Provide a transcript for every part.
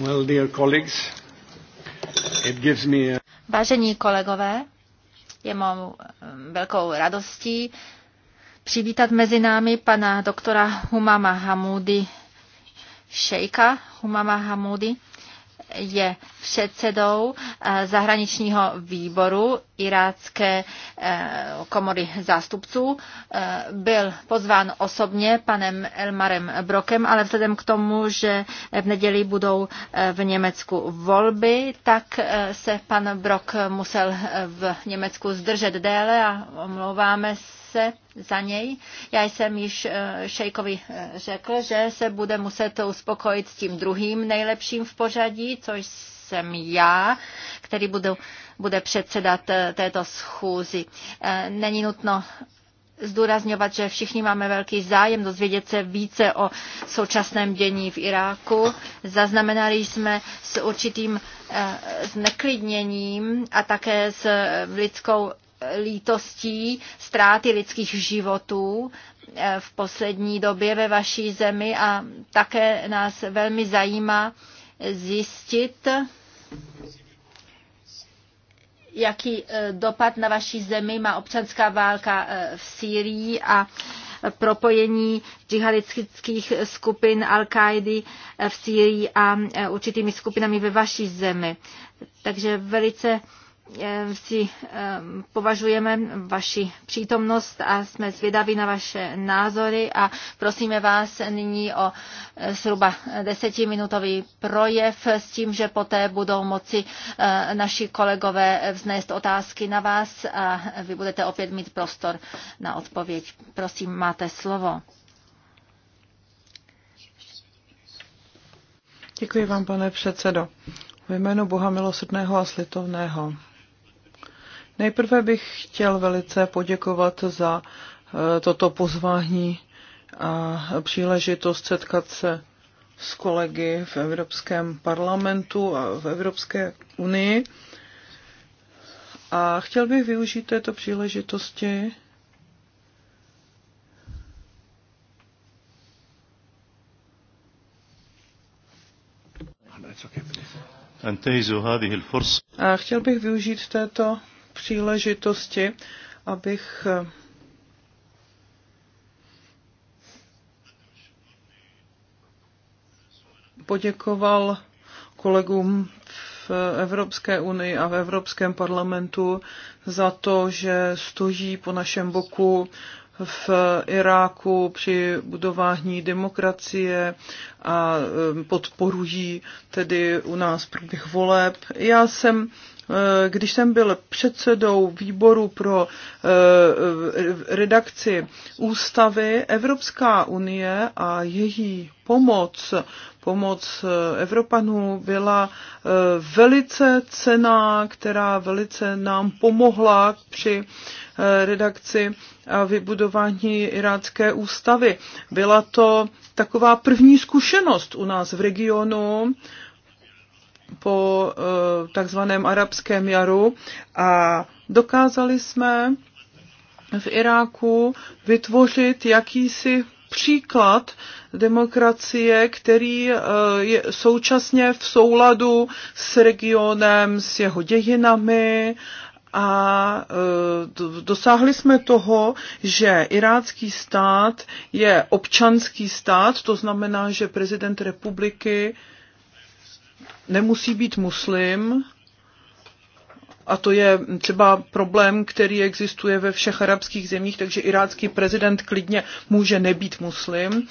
Well, dear colleagues, it gives me a... Vážení kolegové, je mou eh, velkou radostí přivítat mezi námi pana doktora Humama Hamudi Šejka. Humama Hamudi je předsedou eh, zahraničního výboru irácké eh, komory zástupců. Eh, byl pozván osobně panem Elmarem Brokem, ale vzhledem k tomu, že v neděli budou v Německu volby, tak se pan Brok musel v Německu zdržet déle a omlouváme se se za něj. Já jsem již eh, Šejkovi eh, řekl, že se bude muset uspokojit s tím druhým nejlepším v pořadí, což jsem já, který budu, bude předsedat eh, této schůzi. Není nutno zdůrazňovat, že všichni máme velký zájem dozvědět se více o současném dění v Iráku. Zaznamenali jsme s určitým zneklidněním a také s lidskou lítostí ztráty lidských životů eh, v poslední době ve vaší zemi a také nás velmi zajímá zjistit, jaký eh, dopad na vaší zemi má občanská válka eh, v Sýrii a propojení džihadistických skupin al qaidi v Sýrii a určitými skupinami ve vaší zemi. Takže velice Eh, si eh, považujeme vaši přítomnost a jsme zvědaví na vaše názory a prosíme vás nyní o eh, zhruba desetiminutový projev s tím, že poté budou moci naši kolegové vznést otázky na vás a vy budete opět mít prostor na odpověď. Prosím, máte slovo. Děkuji vám, pane předsedo. V jménu Boha milosrdného a slitovného Nejprve bych chtěl velice poděkovat za eh, toto pozvání a příležitost setkat se s kolegy v Evropském parlamentu a v Evropské unii. A chtěl bych využít této příležitosti A chtěl bych využít této příležitosti, abych eh, poděkoval kolegům v Evropské unii a v Evropském parlamentu za to, že stojí po našem boku v Iráku při budování demokracie a eh, podporují tedy u nás průběh voleb. Já jsem Eh, když jsem byl předsedou výboru pro eh, redakci ústavy, Evropská unie a její pomoc, pomoc eh, Evropanů byla velice cená, která velice nám pomohla při redakci a vybudování irácké ústavy. Byla to taková první zkušenost u nás v regionu, po eh, takzvaném arabském jaru a dokázali jsme v Iráku vytvořit jakýsi příklad demokracie, který eh, je současně v souladu s regionem, s jeho dějinami a eh, dosáhli jsme toho, že irácký stát je občanský stát, to znamená, že prezident republiky nemusí být muslim, a to je třeba problém, který existuje ve všech arabských zemích, takže irácký prezident klidně může nebýt muslim.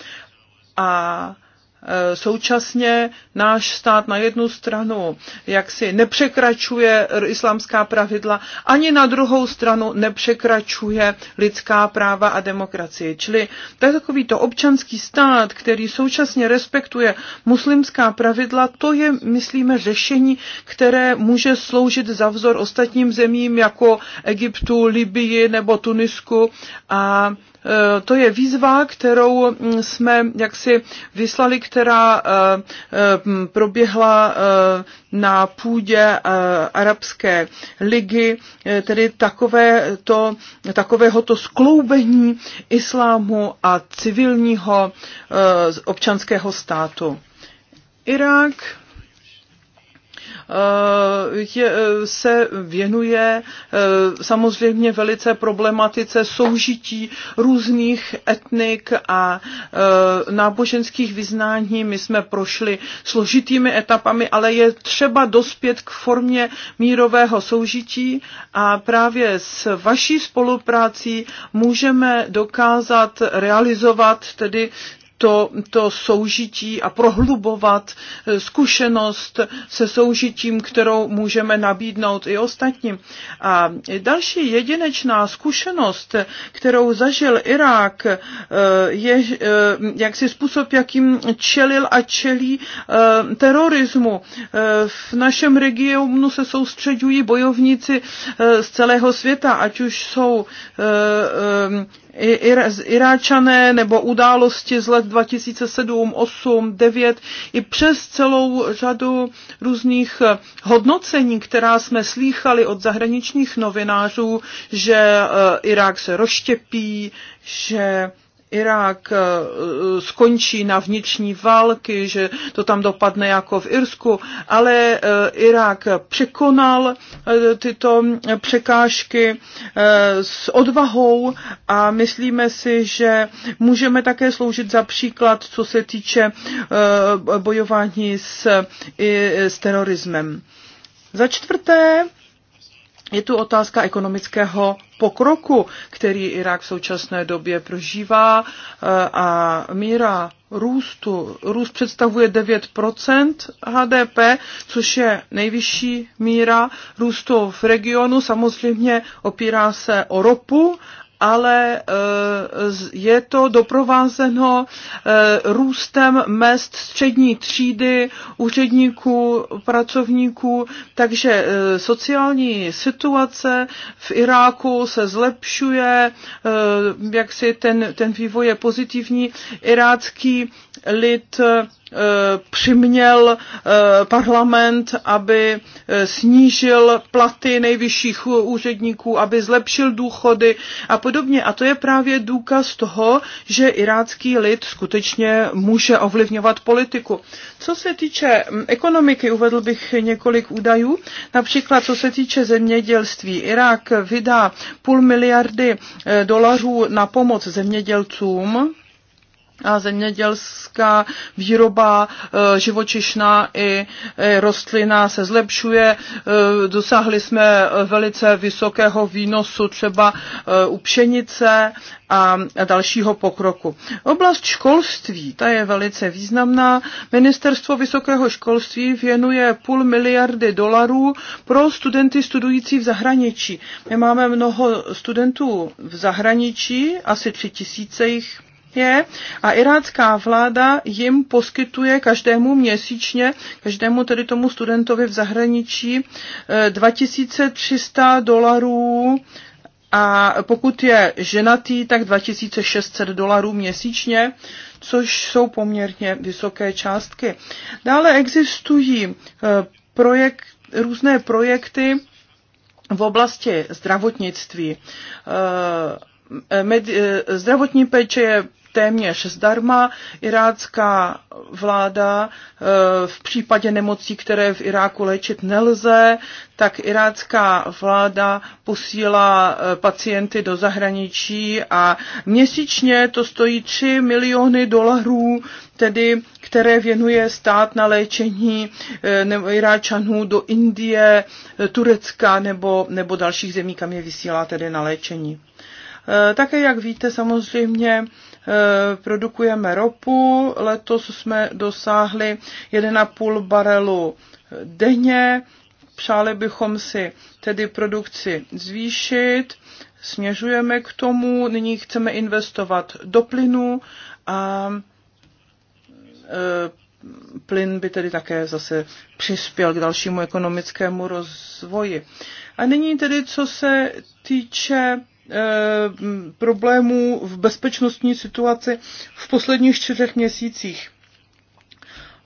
A Eh, současně náš stát na jednu stranu jaksi nepřekračuje islámská pravidla, ani na druhou stranu nepřekračuje lidská práva a demokracie. Čili to občanský stát, který současně respektuje muslimská pravidla, to je, myslíme, řešení, které může sloužit za vzor ostatním zemím jako Egyptu, Libii nebo Tunisku a Eh, to je výzva, kterou mm, jsme jaksi vyslali, která eh, eh, proběhla na půdě Arabské ligy, tedy takové to, takového to skloubení islámu a civilního občanského státu. Irák Eh, je, eh, se věnuje eh, samozřejmě velice problematice soužití různých etnik a náboženských vyznání. My jsme prošli složitými etapami, ale je třeba dospět k formě mírového soužití a právě s vaší spoluprácí můžeme dokázat realizovat tedy to, to soužití a prohlubovat eh, zkušenost se soužitím, kterou můžeme nabídnout i ostatním. A další jedinečná zkušenost, kterou zažil Irák, eh, je eh, jaksi způsob, jakým čelil a čelí terorismu. V našem regionu se soustředují bojovníci z celého světa, ať už jsou Iráčané nebo události z let 2007, 8, 9, i přes celou řadu různých eh, hodnocení, která jsme slýchali od zahraničních novinářů, že eh, Irák se roštěpí, že Irák eh, eh, skončí na vnitřní války, že to tam dopadne jako v Irsku, ale eh, Irák překonal tyto překážky s odvahou a myslíme si, že můžeme také sloužit za příklad, co se týče bojování s, s terorismem. Za čtvrté, je tu otázka ekonomického pokroku, který Irák v současné době prožívá eh, a míra růstu. Růst představuje 9% HDP, což je nejvyšší míra růstu v regionu. Samozřejmě opírá se o ropu ale eh, je to doprovázeno eh, růstem mest střední třídy, úředníků, pracovníků, takže eh, sociální situace v Iráku se zlepšuje, jak si ten, ten vývoj je pozitivní. Irácký lid eh, přiměl eh, parlament, aby eh, snížil platy nejvyšších úředníků, aby zlepšil důchody a podobně. A to je právě důkaz toho, že irácký lid skutečně může ovlivňovat politiku. Co se týče hm, ekonomiky, uvedl bych několik údajů. Například co se týče zemědělství. Irák vydá půl miliardy dolarů na pomoc zemědělcům a zemědělská výroba e, živočišná i rostlina se zlepšuje. E, dosáhli jsme e, velice vysokého výnosu třeba u pšenice a dalšího pokroku. Oblast školství, ta je velice významná. Ministerstvo vysokého školství věnuje půl miliardy dolarů pro studenty studující v zahraničí. My máme mnoho studentů v zahraničí, asi tři tisíce jich je a irácká vláda jim poskytuje každému měsíčně, každému tedy tomu studentovi v zahraničí 2300 eh, dolarů a pokud je ženatý, tak 2600 dolarů měsíčně, což jsou poměrně vysoké částky. Dále existují eh, projekt, různé projekty v oblasti zdravotnictví eh, Eh, zdravotní péče je téměř zdarma. Irácká vláda eh, v případě nemocí, které v Iráku léčit nelze, tak irácká vláda posílá eh, pacienty do zahraničí a měsíčně to stojí 3 miliony dolarů, tedy které věnuje stát na léčení Iráčanů do Indie, Turecka nebo, nebo dalších zemí, kam je vysílá tedy na léčení. Eh, také, jak víte, samozřejmě eh, produkujeme ropu. Letos jsme dosáhli 1,5 barelu denně. Přáli bychom si tedy produkci zvýšit, směřujeme k tomu, nyní chceme investovat do plynu a eh, plyn by tedy také zase přispěl k dalšímu ekonomickému rozvoji. A nyní tedy, co se týče Eh, problémů v bezpečnostní situaci v posledních čtyřech měsících.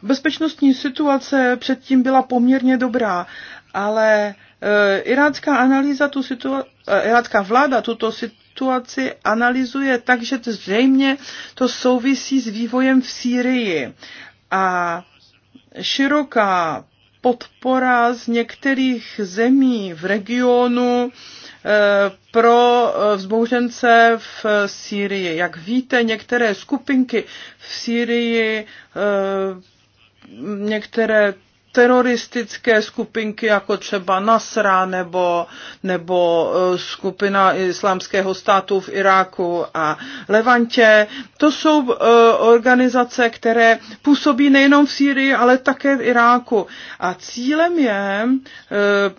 Bezpečnostní situace předtím byla poměrně dobrá, ale eh, irácká analýza tu situa- eh, irácká vláda tuto situaci analyzuje tak, že to zřejmě to souvisí s vývojem v Sýrii. A široká podpora z některých zemí v regionu eh, pro eh, vzbouřence v Sýrii. Jak víte, některé skupinky v Sýrii, eh, některé teroristické skupinky, jako třeba Nasra nebo, nebo e, skupina islámského státu v Iráku a Levantě. To jsou e, organizace, které působí nejenom v Sýrii, ale také v Iráku. A cílem je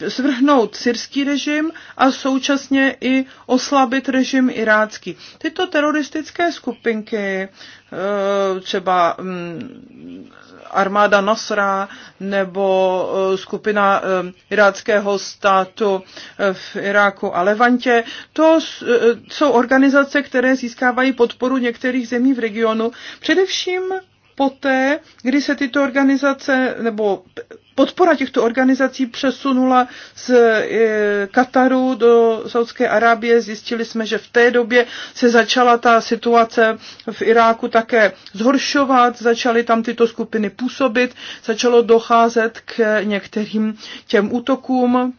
e, svrhnout syrský režim a současně i oslabit režim irácký. Tyto teroristické skupinky třeba mm, armáda Nasra nebo e, skupina e, iráckého státu e, v Iráku a Levantě. To jsou organizace, které získávají podporu některých zemí v regionu, především poté, kdy se tyto organizace nebo podpora těchto organizací přesunula z e, Kataru do Saudské Arábie. Zjistili jsme, že v té době se začala ta situace v Iráku také zhoršovat, začaly tam tyto skupiny působit, začalo docházet k některým těm útokům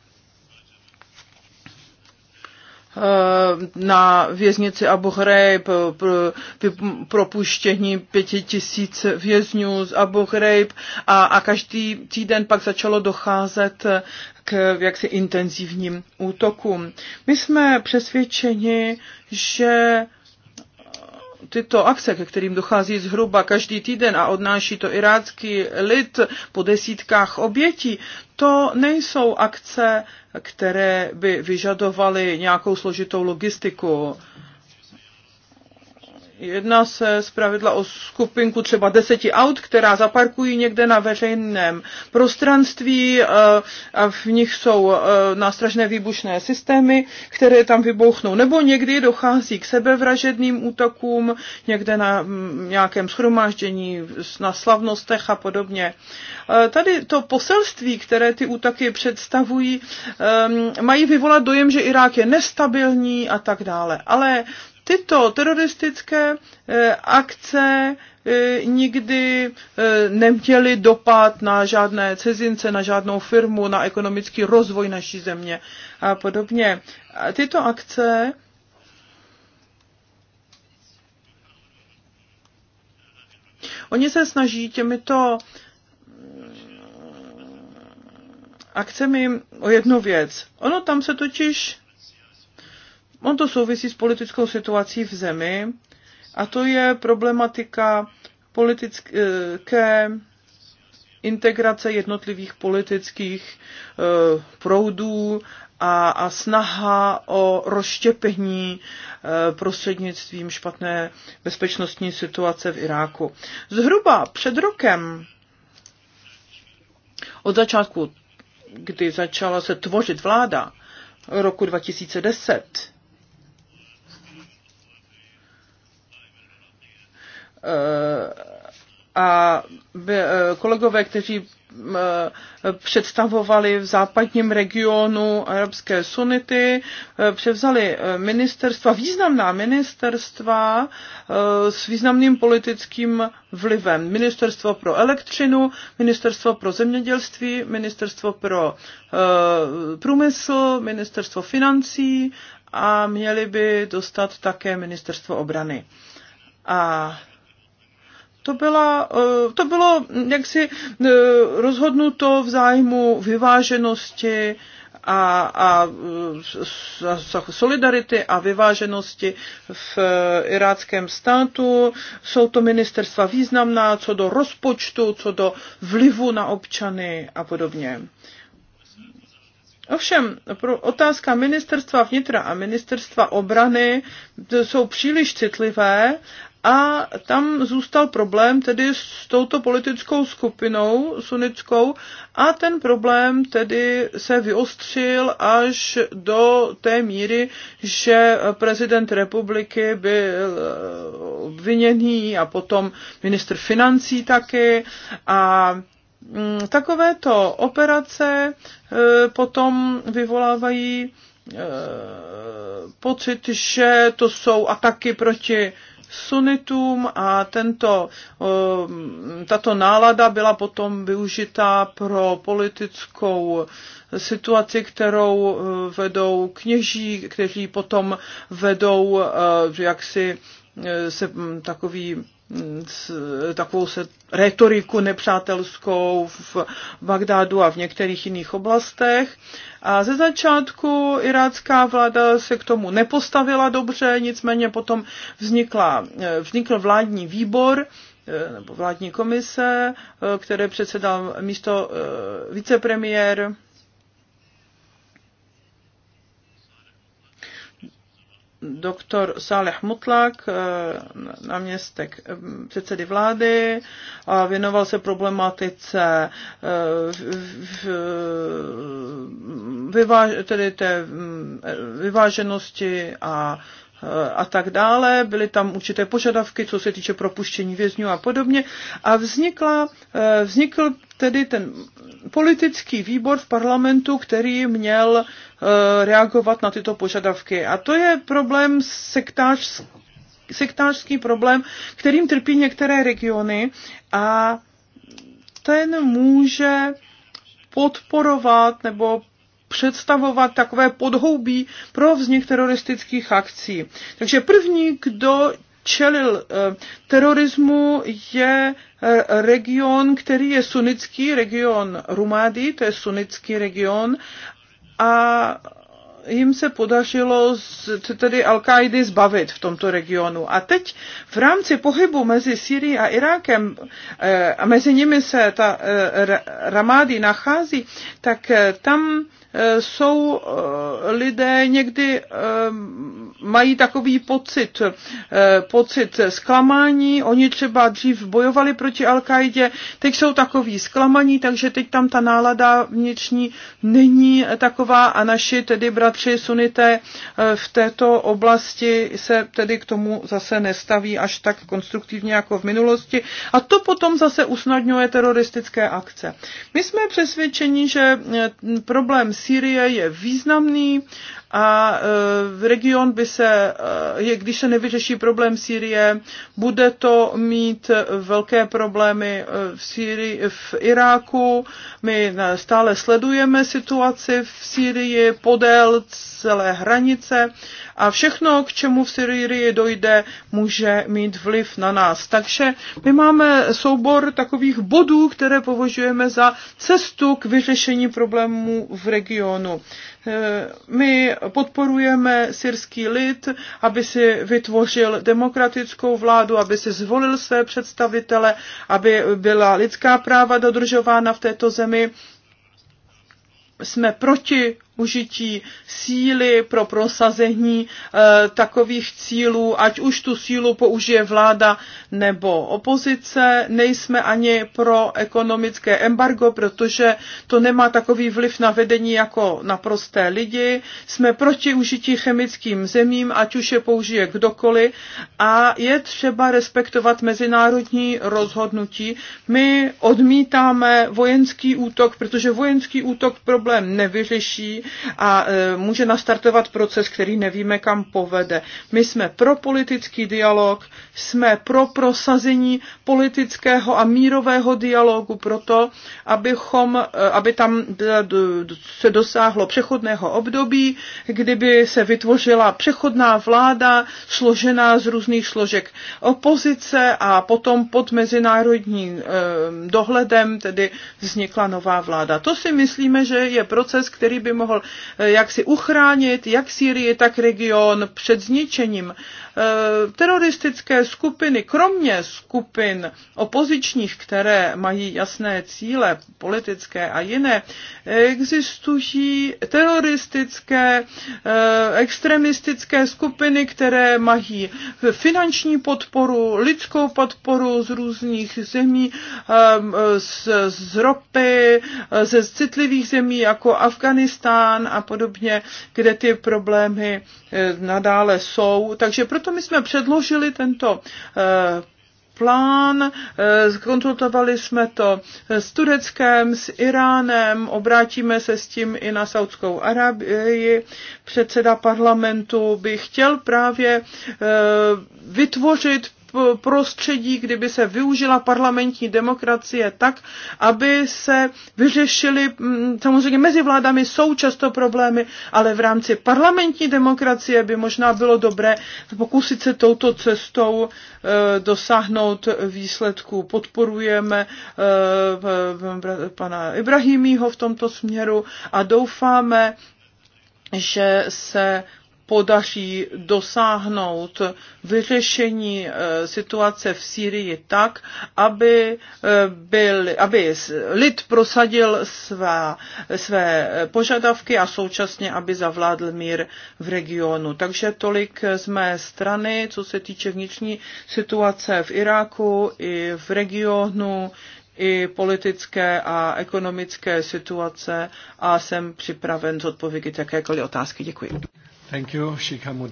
Eh, na věznici Abu Ghraib, eh, propuštění pěti tisíc vězňů z Abu Ghraib a, a každý týden pak začalo docházet k jaksi intenzivním útokům. My jsme přesvědčeni, že tyto akce, ke kterým dochází zhruba každý týden a odnáší to irácký lid po desítkách obětí, to nejsou akce, které by vyžadovaly nějakou složitou logistiku jedná se zpravidla o skupinku třeba deseti aut, která zaparkují někde na veřejném prostranství eh, a v nich jsou eh, nástražné výbušné systémy, které tam vybouchnou. Nebo někdy dochází k sebevražedným útokům někde na mm, nějakém schromáždění, na slavnostech a podobně. Eh, tady to poselství, které ty útoky představují, mají vyvolat dojem, že Irák je nestabilní a tak dále. Ale tyto teroristické eh, akce eh, nikdy eh, neměly dopad na žádné cizince, na žádnou firmu, na ekonomický rozvoj naší země a podobně. Tyto akce Oni se snaží těmito mm, akcemi o jednu věc. Ono tam se totiž On to souvisí s politickou situací v zemi a to je problematika politické integrace jednotlivých politických e, proudů a, a snaha o rozštěpení e, prostřednictvím špatné bezpečnostní situace v Iráku. Zhruba před rokem od začátku, kdy začala se tvořit vláda roku 2010, Eh, a eh, kolegové, kteří eh, představovali v západním regionu arabské sunity, převzali ministerstva, významná ministerstva s významným politickým vlivem. Ministerstvo pro elektřinu, ministerstvo pro zemědělství, ministerstvo pro průmysl, ministerstvo financí a měli by dostat také ministerstvo obrany. A to, byla, eh, to bylo jaksi eh, rozhodnuto v zájmu vyváženosti a, a, a eh, solidarity a vyváženosti v iráckém státu. Jsou to ministerstva významná co do rozpočtu, co do vlivu na občany a podobně. Ovšem, pro otázka ministerstva vnitra a ministerstva obrany jsou příliš citlivé a tam zůstal problém tedy s touto politickou skupinou sunickou a ten problém tedy se vyostřil až do té míry, že prezident republiky byl eh, obviněný a potom ministr financí taky a mm, takovéto operace eh, potom vyvolávají eh, pocit, že to jsou ataky proti sunitům a tento, um, tato nálada byla potom využitá pro politickou situaci, kterou uh, vedou kněží, kteří potom vedou uh, jaksi Eh, se mm, takový mm, takovou se retoriku nepřátelskou v Bagdádu a v některých jiných oblastech. A ze začátku irácká vláda se k tomu nepostavila dobře, nicméně potom vznikla, eh, vznikl vládní výbor, eh, nebo vládní komise, které předsedal místo vicepremiér doktor Saleh Mutlak, eh, náměstek eh, předsedy vlády, a věnoval se problematice eh, v, v, tedy té mm, vyváženosti a a tak dále. Byly tam určité požadavky, co se týče propuštění vězňů a podobně. A vznikla, eh, vznikl tedy ten politický výbor v parlamentu, který měl eh, reagovat na tyto požadavky. A to je problém sektářský sektářský problém, kterým trpí některé regiony a ten může podporovat nebo představovat takové podhoubí pro vznik teroristických akcí. Takže první, kdo čelil eh, terorismu, je eh, region, který je sunnický, region Rumády, to je sunnický region, a jim se podařilo tedy al qaidi zbavit v tomto regionu. A teď v rámci pohybu mezi Syrií a Irákem, eh, a mezi nimi se ta Ramády nachází, tak tam Eh, jsou eh, lidé někdy eh, mají takový pocit, pocit zklamání. Oni třeba dřív bojovali proti al kaidě teď jsou takový zklamaní, takže teď tam ta nálada vnitřní není taková a naši tedy bratři sunité v této oblasti se tedy k tomu zase nestaví až tak konstruktivně jako v minulosti a to potom zase usnadňuje teroristické akce. My jsme přesvědčeni, že problém s Sýrie je významný a v e, region by se, e, je, když se nevyřeší problém Sýrie, bude to mít velké problémy e, v, Sýrii, v Iráku. My stále sledujeme situaci v Sýrii podél celé hranice a všechno, k čemu v Syrii dojde, může mít vliv na nás. Takže my máme soubor takových bodů, které považujeme za cestu k vyřešení problémů v regionu. Eh, my podporujeme syrský lid, aby si vytvořil demokratickou vládu, aby si zvolil své představitele, aby byla lidská práva dodržována v této zemi. Jsme proti užití síly pro prosazení e, takových cílů, ať už tu sílu použije vláda nebo opozice. Nejsme ani pro ekonomické embargo, protože to nemá takový vliv na vedení jako na prosté lidi. Jsme proti užití chemickým zemím, ať už je použije kdokoliv a je třeba respektovat mezinárodní rozhodnutí. My odmítáme vojenský útok, protože vojenský útok problém nevyřeší a e, může nastartovat proces, který nevíme, kam povede. My jsme pro politický dialog, jsme pro prosazení politického a mírového dialogu proto, abychom, e, aby tam se dosáhlo přechodného období, kdyby se vytvořila přechodná vláda složená z různých složek opozice a potom pod mezinárodním e, dohledem tedy vznikla nová vláda. To si myslíme, že je proces, který by mohl mohl eh, jak si uchránit jak Sýrii, tak region před zničením. Eh, teroristické skupiny, kromě skupin opozičních, které mají jasné cíle politické a jiné, existují teroristické, eh, extremistické skupiny, které mají finanční podporu, lidskou podporu z různých zemí, eh, z, z ropy, ze citlivých zemí jako Afganistán a podobně, kde ty problémy nadále jsou. Takže proto proto my jsme předložili tento eh, plán, zkonzultovali eh, jsme to s Tureckem, s Iránem, obrátíme se s tím i na Saudskou Arabii. Předseda parlamentu by chtěl právě eh, vytvořit prostředí, kdyby se využila parlamentní demokracie tak, aby se vyřešily, mm, samozřejmě mezi vládami jsou často problémy, ale v rámci parlamentní demokracie by možná bylo dobré pokusit se touto cestou eh, dosáhnout výsledku. Podporujeme eh, pana Ibrahimího v tomto směru a doufáme, že se podaří dosáhnout vyřešení eh, situace v Sýrii tak, aby, eh, byl, aby lid prosadil své, své požadavky a současně, aby zavládl mír v regionu. Takže tolik z mé strany, co se týče vnitřní situace v Iráku i v regionu i politické a ekonomické situace a jsem připraven zodpovědět jakékoliv otázky. Děkuji. Thank you, Would...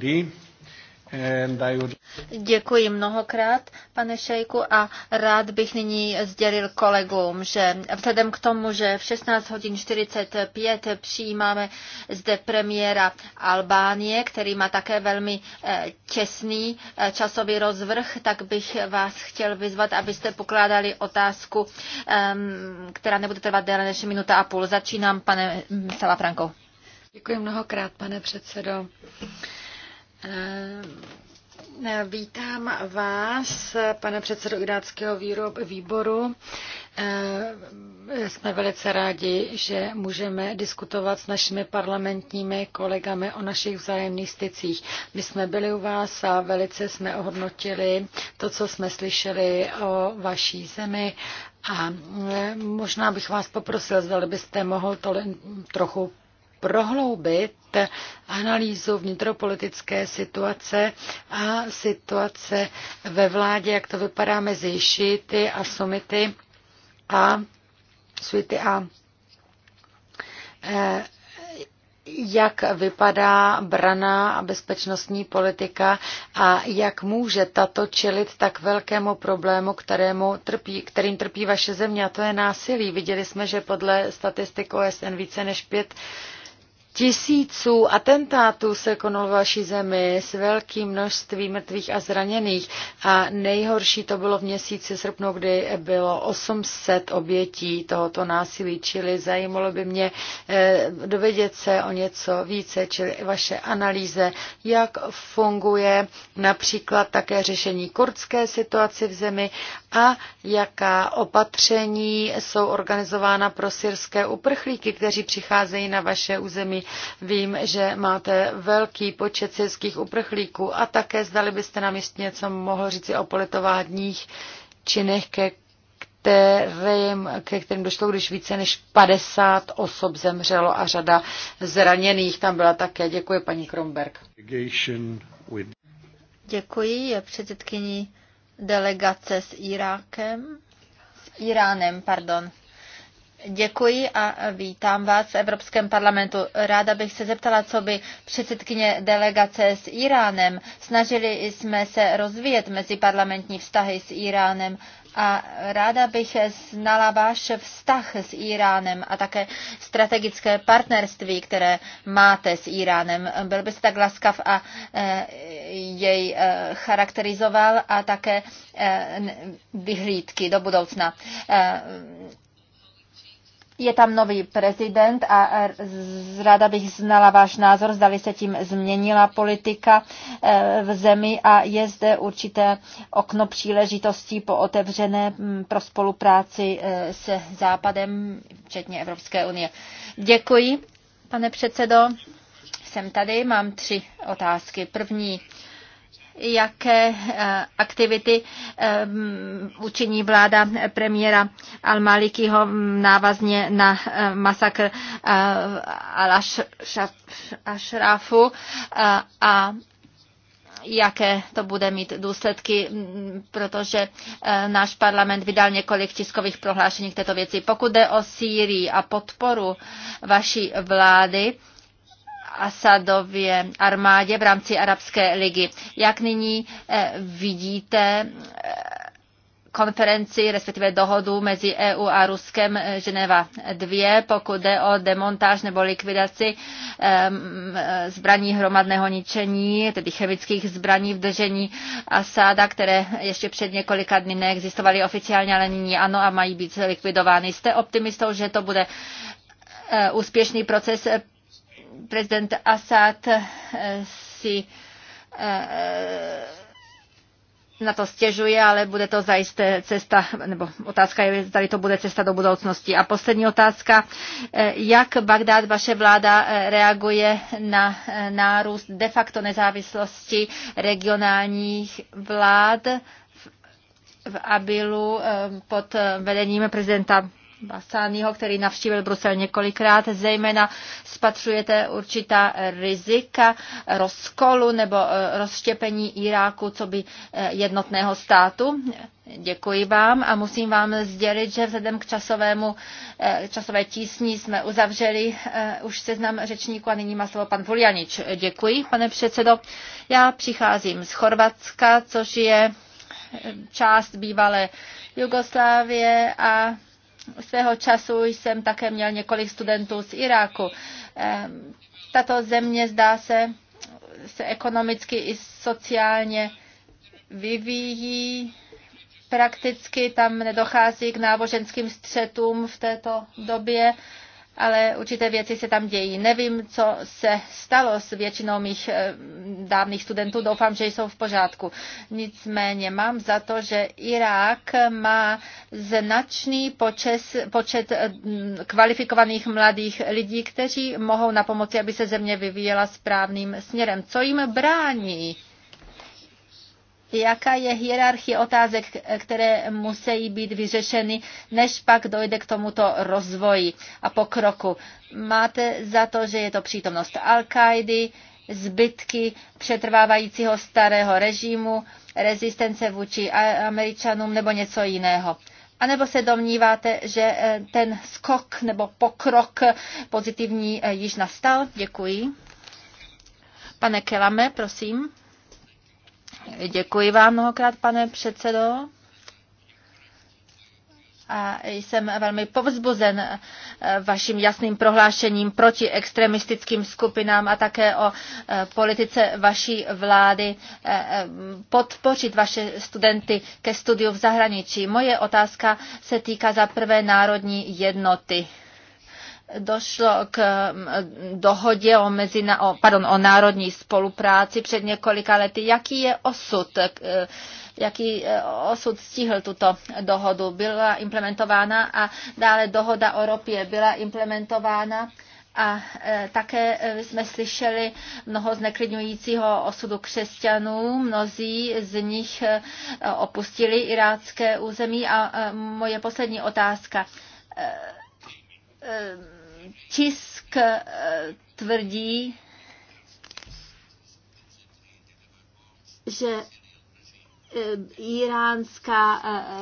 Děkuji mnohokrát, pane Šejku, a rád bych nyní sdělil kolegům, že vzhledem k tomu, že v 16 hodin 45 přijímáme zde premiéra Albánie, který má také velmi eh, těsný eh, časový rozvrh, tak bych vás chtěl vyzvat, abyste pokládali otázku, ehm, která nebude trvat déle než minuta a půl. Začínám, pane Salafranko. Děkuji mnohokrát, pane předsedo. Eh, vítám vás, pane předsedo Iráckého výboru. Eh, jsme velice rádi, že můžeme diskutovat s našimi parlamentními kolegami o našich vzájemných stycích. My jsme byli u vás a velice jsme ohodnotili to, co jsme slyšeli o vaší zemi a eh, možná bych vás poprosil, zda byste mohl to trochu prohloubit analýzu vnitropolitické situace a situace ve vládě, jak to vypadá mezi šíty a sumity a suity a eh, jak vypadá braná a bezpečnostní politika a jak může tato čelit tak velkému problému, kterému trpí, kterým trpí vaše země, a to je násilí. Viděli jsme, že podle statistik OSN více než 5 tisíců atentátů se konalo v vaší zemi s velkým množstvím mrtvých a zraněných a nejhorší to bylo v měsíci srpnu, kdy bylo 800 obětí tohoto násilí, čili zajímalo by mě eh, dovědět se o něco více, čili vaše analýze, jak funguje například také řešení kurdské situace v zemi a jaká opatření jsou organizována pro syrské uprchlíky, kteří přicházejí na vaše území. Vím, že máte velký počet syrských uprchlíků a také zdali byste nám ještě něco mohl říci o politovádních činech, ke kterým, ke kterým došlo, když více než 50 osob zemřelo a řada zraněných tam byla také. Děkuji, paní Kromberg. Děkuji, je předsedkyní delegace s Irákem, s Iránem, pardon. Děkuji a vítám vás v Evropském parlamentu. Ráda bych se zeptala, co by předsedkyně delegace s Iránem. Snažili jsme se rozvíjet mezi parlamentní vztahy s Iránem a ráda bych znala váš vztah s Iránem a také strategické partnerství, které máte s Iránem. Byl byste tak laskav a eh, jej eh, charakterizoval a také eh, vyhlídky do budoucna. Je tam nový prezident a ráda bych znala váš názor, zdali se tím změnila politika e, v zemi a je zde určité okno příležitostí pootevřené pro spolupráci e, se Západem, včetně Evropské unie. Děkuji, pane předsedo. Jsem tady, mám tři otázky. První jaké eh, aktivity eh, učiní vláda premiéra Al-Malikiho návazně na eh, masakr Al-Ashrafu a jaké to bude mít důsledky, protože náš parlament vydal několik tiskových prohlášení k této věci. Pokud jde o Sýrii a podporu vaší vlády, Asadově armádě v rámci Arabské ligy. Jak nyní eh, vidíte eh, konferenci, respektive dohodu mezi EU a Ruskem eh, Ženeva 2, pokud jde o demontáž nebo likvidaci ehm, zbraní hromadného ničení, tedy chemických zbraní v držení Asáda, které ještě před několika dny neexistovaly oficiálně, ale nyní ano a mají být likvidovány. Jste optimistou, že to bude úspěšný proces prezident Assad eh, si eh, na to stěžuje, ale bude to zajisté cesta, nebo otázka je, zdali to bude cesta do budoucnosti. A poslední otázka, eh, jak Bagdád, vaše vláda, reaguje na nárůst de facto nezávislosti regionálních vlád v Abilu pod vedením prezidenta Basányho, který navštívil Brusel několikrát, zejména spatřujete určitá rizika rozkolu nebo eh, rozštěpení Iráku, co by eh, jednotného státu. Děkuji vám a musím vám sdělit, že vzhledem k časovému, eh, časové tísni jsme uzavřeli už seznam řečníků a nyní má slovo pan Vuljanič. Děkuji, pane předsedo. Já přicházím z Chorvatska, což je část bývalé Jugoslávie a Svého času jsem také měl několik studentů z Iráku. Tato země zdá se, se ekonomicky i sociálně vyvíjí. Prakticky tam nedochází k náboženským střetům v této době ale určité věci se tam dějí. Nevím, co se stalo s většinou mých eh, dávných studentů, doufám, že jsou v pořádku. Nicméně mám za to, že Irák má značný počes, počet eh, kvalifikovaných mladých lidí, kteří mohou na pomoci, aby se země vyvíjela správným směrem. Co jim brání? jaká je hierarchie otázek, které musí být vyřešeny, než pak dojde k tomuto rozvoji a pokroku. Máte za to, že je to přítomnost Al-Kaidy, zbytky přetrvávajícího starého režimu, rezistence vůči američanům nebo něco jiného. A nebo se domníváte, že eh, ten skok nebo pokrok pozitivní eh, již nastal? Děkuji. Pane Kelame, prosím. Děkuji vám mnohokrát, pane předsedo. A jsem velmi povzbuzen eh, vaším jasným prohlášením proti extremistickým skupinám a také o eh, politice vaší vlády eh, podpořit vaše studenty ke studiu v zahraničí. Moje otázka se týká za prvé národní jednoty došlo k mm, dohodě o, mezina, o, pardon, o národní spolupráci před několika lety. Jaký je osud? Eh, jaký eh, osud stihl tuto dohodu. Byla implementována a dále dohoda o ropě byla implementována a eh, také jsme slyšeli mnoho zneklidňujícího osudu křesťanů. Mnozí z nich opustili irácké území a moje poslední otázka tisk eh, tvrdí, že eh, iránská eh,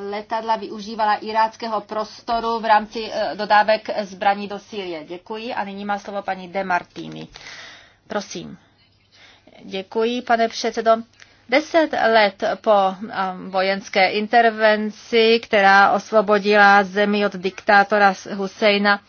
letadla využívala iráckého prostoru v rámci dodávek zbraní do Sýrie. Děkuji a nyní má slovo paní De Martini. Prosím. Děkuji, pane předsedo. Deset let po vojenské intervenci, která osvobodila zemi od diktátora Husejna,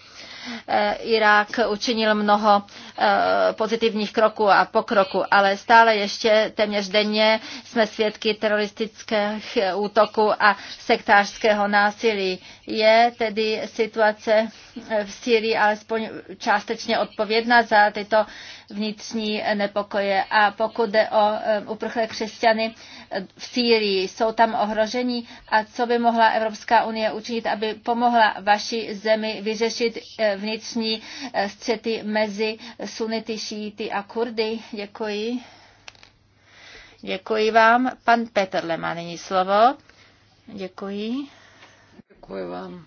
Eh, Irák učinil mnoho eh, pozitivních kroků a pokroku, ale stále ještě téměř denně jsme svědky teroristických útoků a sektářského násilí. Je tedy situace eh, v Syrii alespoň částečně odpovědná za tyto vnitřní nepokoje. A pokud jde o uprchlé křesťany v Sýrii, jsou tam ohrožení a co by mohla Evropská unie učinit, aby pomohla vaší zemi vyřešit vnitřní eh, střety mezi sunity, šíty a kurdy. Děkuji. Děkuji vám. Pan Petrle má nyní slovo. Děkuji. Děkuji vám.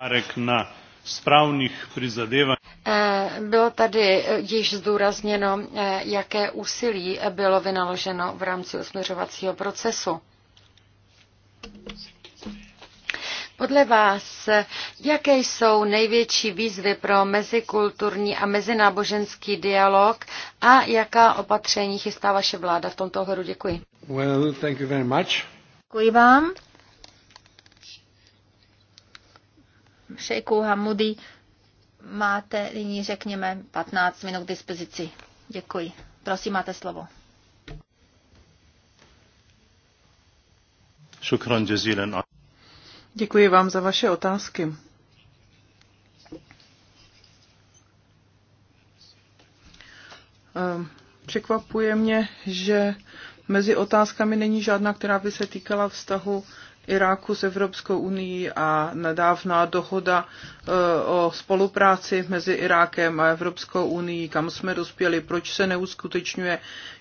Marek na správných přizadevání. Eh, bylo tady již zdůrazněno, eh, jaké úsilí bylo vynaloženo v rámci usměřovacího procesu. Podle vás, jaké jsou největší výzvy pro mezikulturní a mezináboženský dialog a jaká opatření chystá vaše vláda v tomto ohledu? Děkuji. Well, thank you very much. Děkuji vám. Šejku Hamudi, máte nyní, řekněme, 15 minut k dispozici. Děkuji. Prosím, máte slovo. Děkuji. Děkuji vám za vaše otázky. Ehm, překvapuje mě, že mezi otázkami není žádná, která by se týkala vztahu Iráku s Evropskou unii a nedávná dohoda eh, o spolupráci mezi Irákem a Evropskou unii, kam jsme dospěli, proč se neuskutečňuje,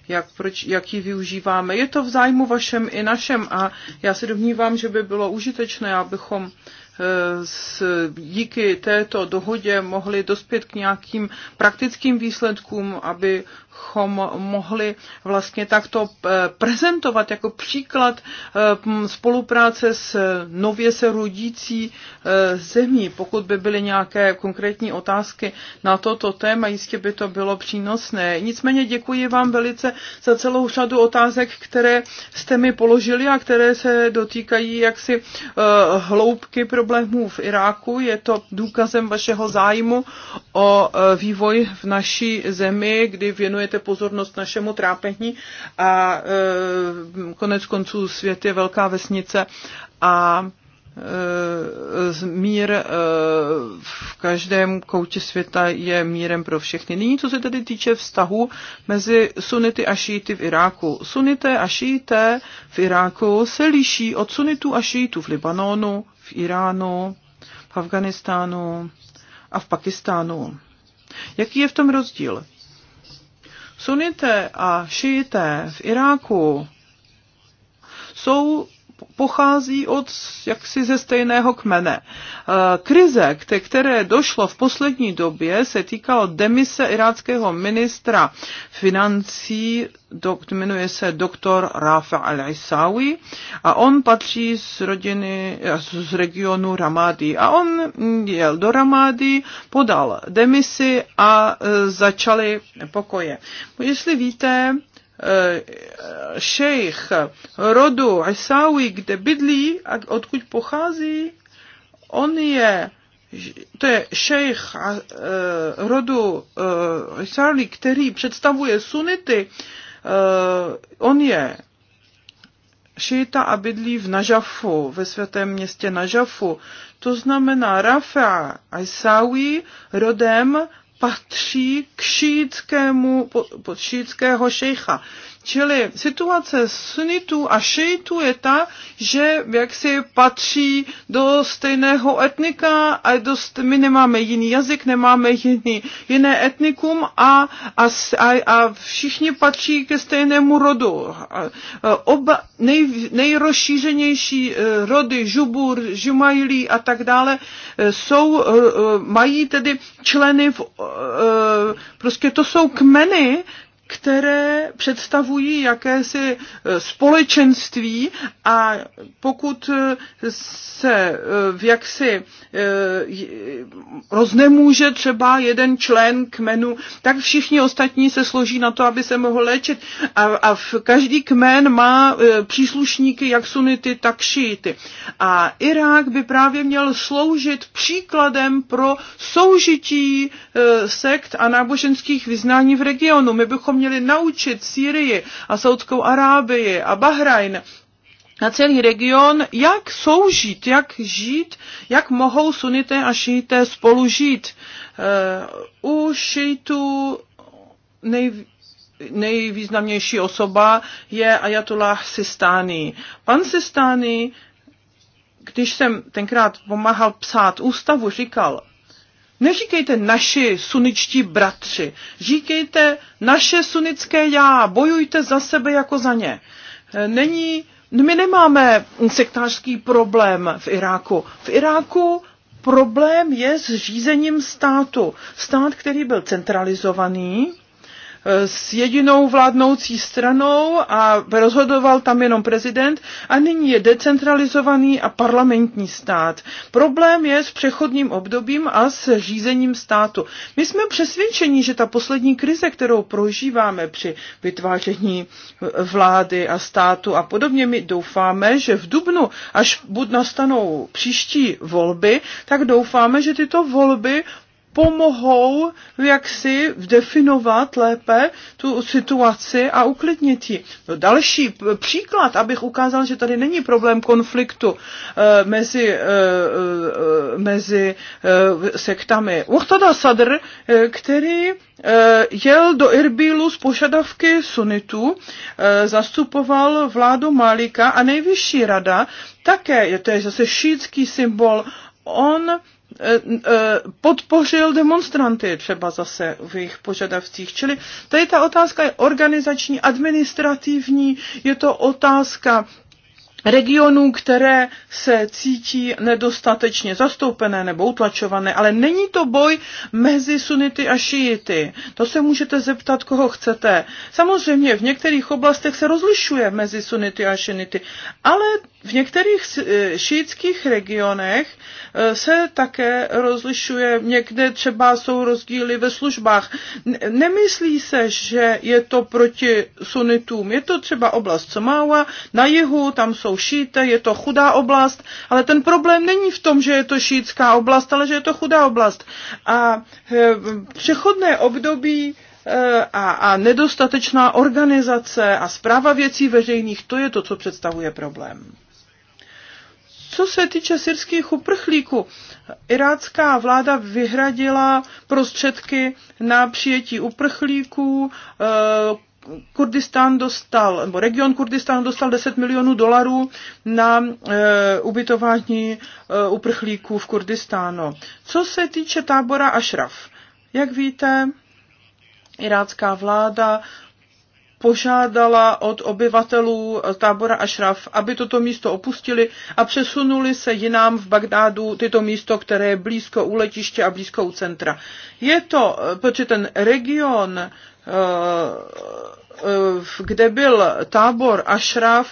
jak, proč, jak ji využíváme. Je to v zájmu vašem i našem a já se domnívám, že by bylo užitečné, abychom Eh, s, díky této dohodě mohli dospět k nějakým praktickým výsledkům, abychom mohli vlastně takto eh, prezentovat jako příklad eh, spolupráce s nově se rodící zemí. Pokud by byly nějaké konkrétní otázky na toto téma, jistě by to bylo přínosné. Nicméně děkuji vám velice za celou řadu otázek, které jste mi položili a které se dotýkají jaksi hloubky pro problémů v Iráku. Je to důkazem vašeho zájmu o e, vývoj v naší zemi, kdy věnujete pozornost našemu trápení a e, konec konců svět je velká vesnice a e, mír v každém koutě světa je mírem pro všechny. Nyní, co se tedy týče vztahu mezi sunity a šíty v Iráku. Sunité a šíité v Iráku se liší od sunitů a šítů v Libanonu, v Iránu, v Afganistánu a v Pakistánu. Jaký je v tom rozdíl? Sunité a šijité v Iráku jsou pochází od jaksi ze stejného kmene. Eh, krize, které došlo v poslední době, se týkalo demise iráckého ministra financí, jmenuje se doktor Rafa al-Isawi a on patří z rodiny, eh, z regionu Ramadi. A on jel do Ramadi, podal demisi a eh, začaly pokoje. Jestli víte, Eh, šejch rodu Isawi, kde bydlí a odkud pochází, on je to je šejch eh, rodu Isawi, eh, který představuje sunity, on je šíta a bydlí v Nažafu, ve svatém městě Nažafu. To znamená Rafa Aisawi rodem patří k po, pod šítského šejcha. Čili situace sunitů a šejtů je ta, že jaksi patří do stejného etnika a dost, my nemáme jiný jazyk, nemáme jiný, jiné etnikum a, a, a, a všichni patří ke stejnému rodu. Oba nej, nejrozšířenější e, rody, žubur, žumajlí a tak dále, e, jsou, e, mají tedy členy v, prostě to jsou kmeny, které představují jakési e, společenství a pokud e, se e, v jaksi roznemůže třeba jeden člen kmenu, tak všichni ostatní se složí na to, aby se mohl léčit. A, a v každý kmen má příslušníky jak sunity, tak šíty. A Irák by právě měl sloužit příkladem pro soužití sekt a náboženských vyznání v regionu. My bychom bychom měli naučit Sýrii a Saudskou Arábii a Bahrajn na celý region, jak soužít, jak žít, jak mohou sunité a šíité spolu žít. Eh, u šítů nej, nejvýznamnější osoba je Ayatollah Sistani. Pan Sistani, když jsem tenkrát pomáhal psát ústavu, říkal, Neříkejte naši suničtí bratři, říkejte naše sunické já, bojujte za sebe jako za ně. E, není, my nemáme sektářský problém v Iráku. V Iráku problém je s řízením státu. Stát, který byl centralizovaný, s jedinou vládnoucí stranou a rozhodoval tam jenom prezident a nyní je decentralizovaný a parlamentní stát. Problém je s přechodním obdobím a s řízením státu. My jsme přesvědčeni, že ta poslední krize, kterou prožíváme při vytváření vlády a státu a podobně, my doufáme, že v Dubnu, až bud nastanou příští volby, tak doufáme, že tyto volby pomohou jak si definovat lépe tu situaci a uklidnit ji. No další příklad, abych ukázal, že tady není problém konfliktu e, mezi, e, mezi e, sektami. Uchtada Sadr, e, který e, jel do Irbílu z požadavky Sunitu, e, zastupoval vládu Malika a nejvyšší rada, také, to je zase šítský symbol, on E, e, podpořil demonstranty třeba zase v jejich požadavcích. Čili tady ta otázka je organizační, administrativní, je to otázka regionů, které se cítí nedostatečně zastoupené nebo utlačované, ale není to boj mezi sunity a šijity. To se můžete zeptat, koho chcete. Samozřejmě v některých oblastech se rozlišuje mezi sunity a šinity, ale v některých eh, šítských regionech eh, se také rozlišuje, někde třeba jsou rozdíly ve službách. Nemyslí se, že je to proti sunitům. Je to třeba oblast Somála, na jihu, tam jsou šíte, je to chudá oblast, ale ten problém není v tom, že je to šítská oblast, ale že je to chudá oblast. A eh, přechodné období a, a nedostatečná organizace a zpráva věcí veřejných, to je to, co představuje problém. Co se týče syrských uprchlíků, irácká vláda vyhradila prostředky na přijetí uprchlíků, eh, Kurdistán dostal, nebo region Kurdistán dostal 10 milionů dolarů na eh, ubytování eh, uprchlíků v Kurdistánu. Co se týče tábora Ashraf, jak víte, irácká vláda požádala od obyvatelů tábora Ašraf, aby toto místo opustili a přesunuli se jinam v Bagdádu, tyto místo, které je blízko u letiště a blízko u centra. Je to, protože ten region, eh, eh, kde byl tábor Ašraf,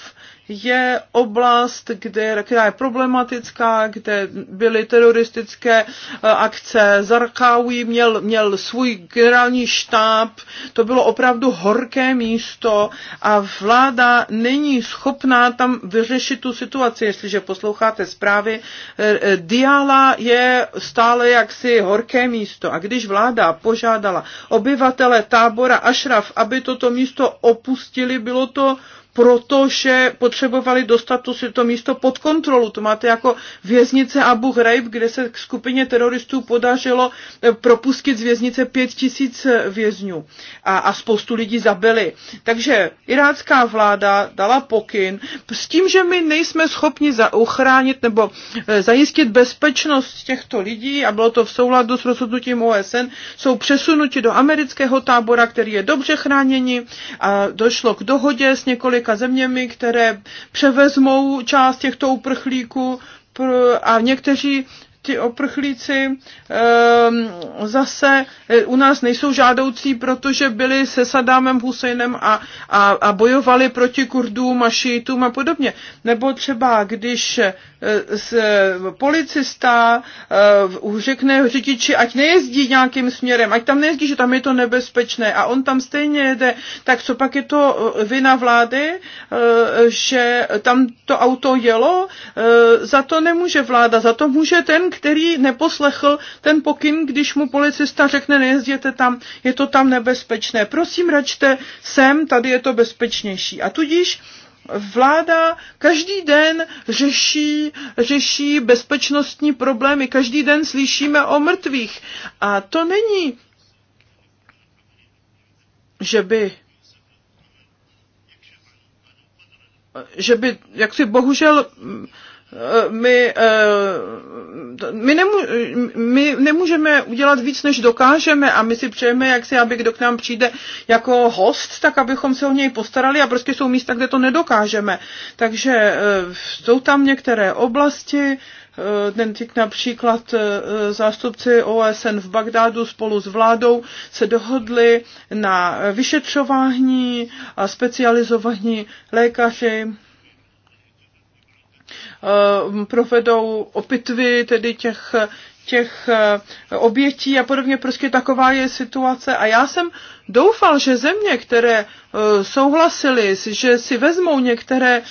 je oblast, kde, která je problematická, kde byly teroristické eh, akce. Zarkawi měl, měl svůj generální štáb, to bylo opravdu horké místo a vláda není schopná tam vyřešit tu situaci. Jestliže posloucháte zprávy, eh, eh, Diala je stále jaksi horké místo a když vláda požádala obyvatele tábora Ašraf, aby toto místo opustili, bylo to protože potřebovali dostat to, to místo pod kontrolu. To máte jako věznice Abu Ghraib, kde se k skupině teroristů podařilo eh, propustit z věznice pět tisíc eh, vězňů a, a spoustu lidí zabili. Takže irácká vláda dala pokyn s tím, že my nejsme schopni za, uchránit nebo eh, zajistit bezpečnost těchto lidí a bylo to v souladu s rozhodnutím OSN, jsou přesunuti do amerického tábora, který je dobře chráněni a došlo k dohodě s několik několika zeměmi, které převezmou část těchto uprchlíků a někteří ti oprchlíci ehm, zase e, u nás nejsou žádoucí, protože byli se Sadámem Husseinem a, a, a bojovali proti Kurdům a šítům a podobně. Nebo třeba, když e, s, e, policista řekne řidiči, ať nejezdí nějakým směrem, ať tam nejezdí, že tam je to nebezpečné a on tam stejně jede, tak co pak je to vina vlády, že tam to auto jelo? Za to nemůže vláda, za to může ten, který neposlechl ten pokyn, když mu policista řekne, nejezděte tam, je to tam nebezpečné. Prosím, račte sem, tady je to bezpečnější. A tudíž vláda každý den řeší, řeší bezpečnostní problémy, každý den slyšíme o mrtvých. A to není, že by že by jaksi bohužel Eh, my, eh, my, nemů, my nemůžeme udělat víc, než dokážeme a my si přejeme, jak si, aby kdo k nám přijde jako host, tak abychom se o něj postarali a prostě jsou místa, kde to nedokážeme. Takže eh, jsou tam některé oblasti, ten tyk například zástupci OSN v Bagdádu spolu s vládou se dohodli na vyšetřování a specializovaní lékaři Eh, provedou opitvy tedy těch, těch eh, obětí a podobně. Prostě taková je situace. A já jsem doufal, že země, které eh, souhlasily, že si vezmou některé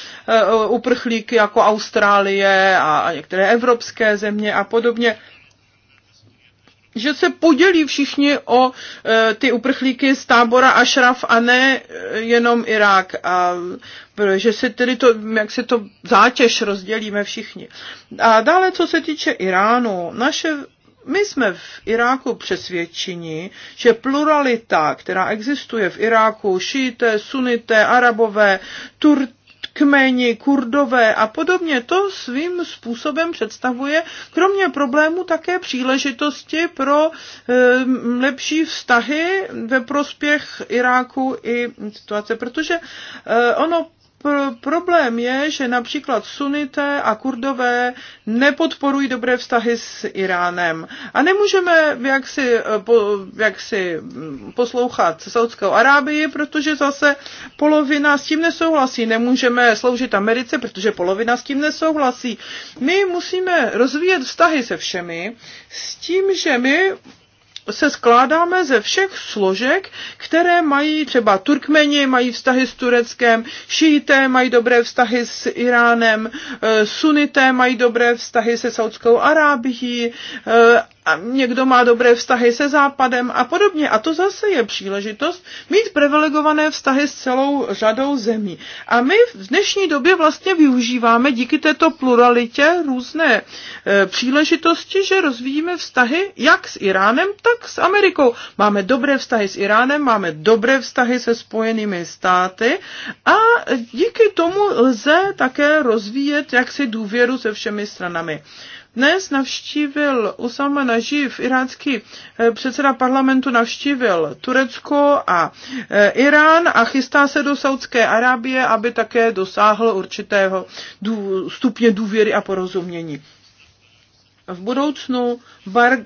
uprchlíky jako Austrálie a některé evropské země a podobně, že se podělí všichni o e, ty uprchlíky z tábora Ašraf a ne e, jenom Irák. A že se tedy to, jak se to zátěž rozdělíme všichni. A dále, co se týče Iránu, naše my jsme v Iráku přesvědčeni, že pluralita, která existuje v Iráku, šíité, sunité, arabové, tur, kmeni, kurdové a podobně, to svým způsobem představuje kromě problémů také příležitosti pro eh, lepší vztahy ve prospěch Iráku i situace, protože eh, ono Pr- problém je, že například sunité a kurdové nepodporují dobré vztahy s Iránem. A nemůžeme jaksi, eh, po, jaksi mm, poslouchat Saudskou Arábii, protože zase polovina s tím nesouhlasí. Nemůžeme sloužit Americe, protože polovina s tím nesouhlasí. My musíme rozvíjet vztahy se všemi s tím, že my se skládáme ze všech složek, které mají třeba Turkmeni, mají vztahy s Tureckem, Šíité mají dobré vztahy s Iránem, eh, Sunité mají dobré vztahy se Saudskou Arábií eh, a někdo má dobré vztahy se Západem a podobně. A to zase je příležitost mít privilegované vztahy s celou řadou zemí. A my v dnešní době vlastně využíváme díky této pluralitě různé e, příležitosti, že rozvíjíme vztahy jak s Iránem, tak s Amerikou. Máme dobré vztahy s Iránem, máme dobré vztahy se Spojenými státy a díky tomu lze také rozvíjet jaksi důvěru se všemi stranami. Dnes navštívil Usama Naživ, iránský eh, předseda parlamentu navštívil Turecko a eh, Irán a chystá se do Saudské Arábie, aby také dosáhl určitého stupně důvěry a porozumění v budoucnu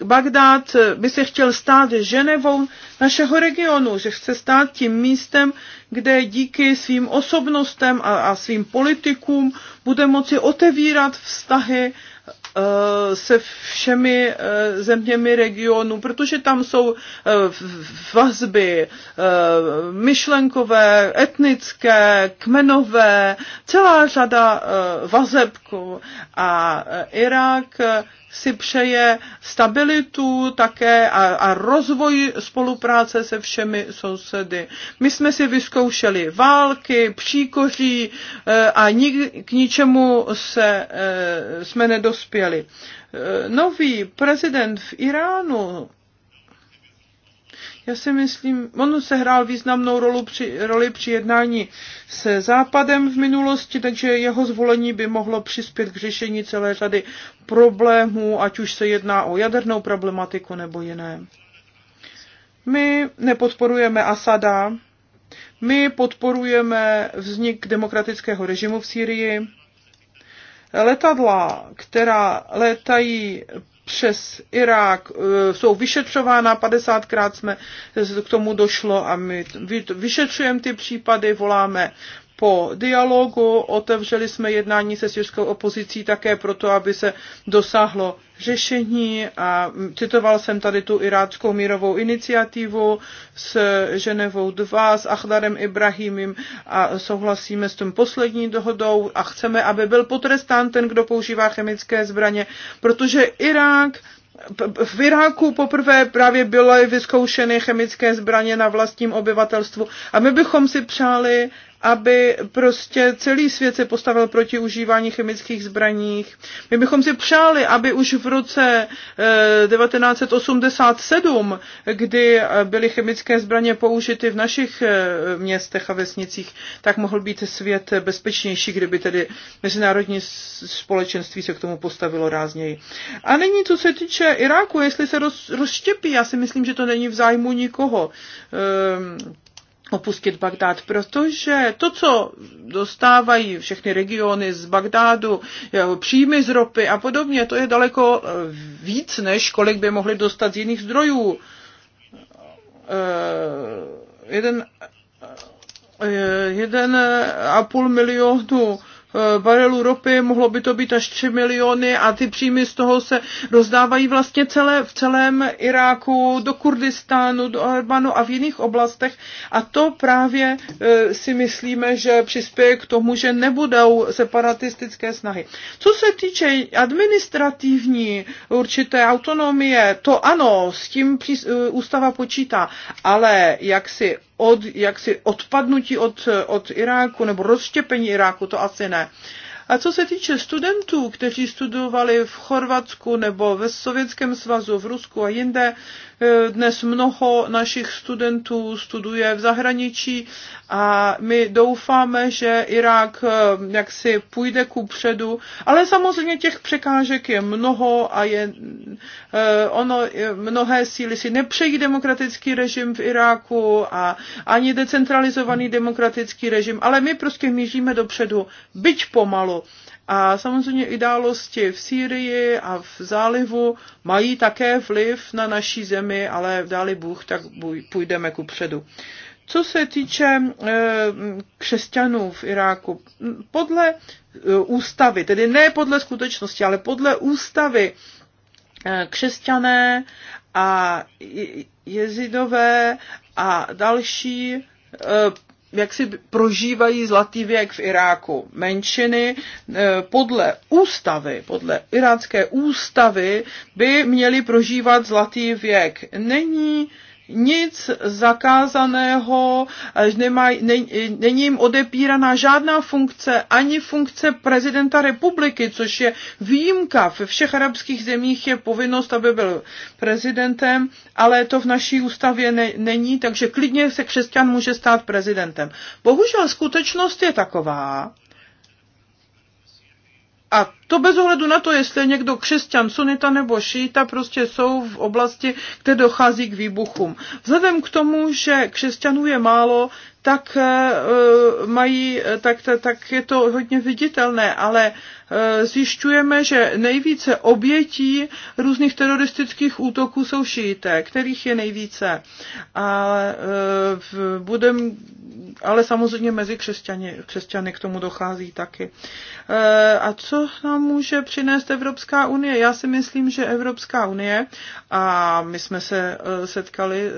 Bagdád eh, by se chtěl stát Ženevou našeho regionu, že chce stát tím místem, kde díky svým osobnostem a, a svým politikům bude moci otevírat vztahy Eh, se všemi eh, zeměmi regionu, protože tam jsou eh, vazby myšlenkové, etnické, kmenové, celá řada vazebků a Irák si přeje stabilitu také a, a rozvoj spolupráce se všemi sousedy. My jsme si vyzkoušeli války, příkoří eh, a nik, k ničemu se, eh, jsme nedospěli. Eh, nový prezident v Iránu já si myslím, on se hrál významnou roli při, roli při jednání se Západem v minulosti, takže jeho zvolení by mohlo přispět k řešení celé řady problémů, ať už se jedná o jadernou problematiku nebo jiné. My nepodporujeme Asada, my podporujeme vznik demokratického režimu v Sýrii. Letadla, která letají přes Irák, eh, jsou vyšetřována, 50krát jsme k tomu došlo a my vyšetřujeme ty případy, voláme po dialogu, otevřeli jsme jednání se syrskou opozicí také proto, aby se dosáhlo řešení a citoval jsem tady tu iráckou mírovou iniciativu s Ženevou 2, s Achdarem Ibrahimem a souhlasíme s tím poslední dohodou a chceme, aby byl potrestán ten, kdo používá chemické zbraně, protože Irák v Iráku poprvé právě byly vyzkoušeny chemické zbraně na vlastním obyvatelstvu a my bychom si přáli, aby prostě celý svět se postavil proti užívání chemických zbraních. My bychom si přáli, aby už v roce 1987, eh, kdy byly chemické zbraně použity v našich eh, městech a vesnicích, tak mohl být svět bezpečnější, kdyby tedy mezinárodní společenství se k tomu postavilo rázněji. A není, co se týče Iráku, jestli se rozštěpí, já si myslím, že to není v zájmu nikoho. Ehm, opustit Bagdád, protože to, co dostávají všechny regiony z Bagdádu, příjmy z ropy a podobně, to je daleko eh, víc, než kolik by mohli dostat z jiných zdrojů. Eh, jeden, eh, jeden a půl milionu barelů ropy, mohlo by to být až 3 miliony a ty příjmy z toho se rozdávají vlastně celé, v celém Iráku, do Kurdistánu, do Arbanu a v jiných oblastech a to právě e, si myslíme, že přispěje k tomu, že nebudou separatistické snahy. Co se týče administrativní určité autonomie, to ano, s tím e, ústava počítá, ale jak si od jaksi odpadnutí od, od Iráku nebo rozštěpení Iráku, to asi ne. A co se týče studentů, kteří studovali v Chorvatsku nebo ve Sovětském svazu, v Rusku a jinde, eh, dnes mnoho našich studentů studuje v zahraničí a my doufáme, že Irák eh, jaksi půjde ku předu, ale samozřejmě těch překážek je mnoho a je, eh, ono, mnohé síly si nepřejí demokratický režim v Iráku a ani decentralizovaný demokratický režim, ale my prostě míříme dopředu, byť pomalu Idálu. A samozřejmě Idálosti v Sýrii a v zálivu mají také vliv na naší zemi, ale dáli Bůh, tak půjdeme ku předu. Co se týče eh, křesťanů v Iráku, podle eh, ústavy, tedy ne podle skutečnosti, ale podle ústavy, eh, křesťané a jezidové a další jak si prožívají zlatý věk v Iráku. Menšiny eh, podle ústavy, podle irácké ústavy by měly prožívat zlatý věk. Není nic zakázaného, nemaj, ne, není jim odepíraná žádná funkce, ani funkce prezidenta republiky, což je výjimka. Ve všech arabských zemích je povinnost, aby byl prezidentem, ale to v naší ústavě ne, není, takže klidně se křesťan může stát prezidentem. Bohužel skutečnost je taková, a to bez ohledu na to, jestli je někdo křesťan, sunita nebo šíta, prostě jsou v oblasti, kde dochází k výbuchům. Vzhledem k tomu, že křesťanů je málo, tak eh, eh, mají, eh, tak, tak, tak je to hodně viditelné, ale zjišťujeme, že nejvíce obětí různých teroristických útoků jsou šíité, kterých je nejvíce. A budem, ale samozřejmě mezi křesťany, křesťany k tomu dochází taky. A co nám může přinést Evropská unie? Já si myslím, že Evropská unie, a my jsme se setkali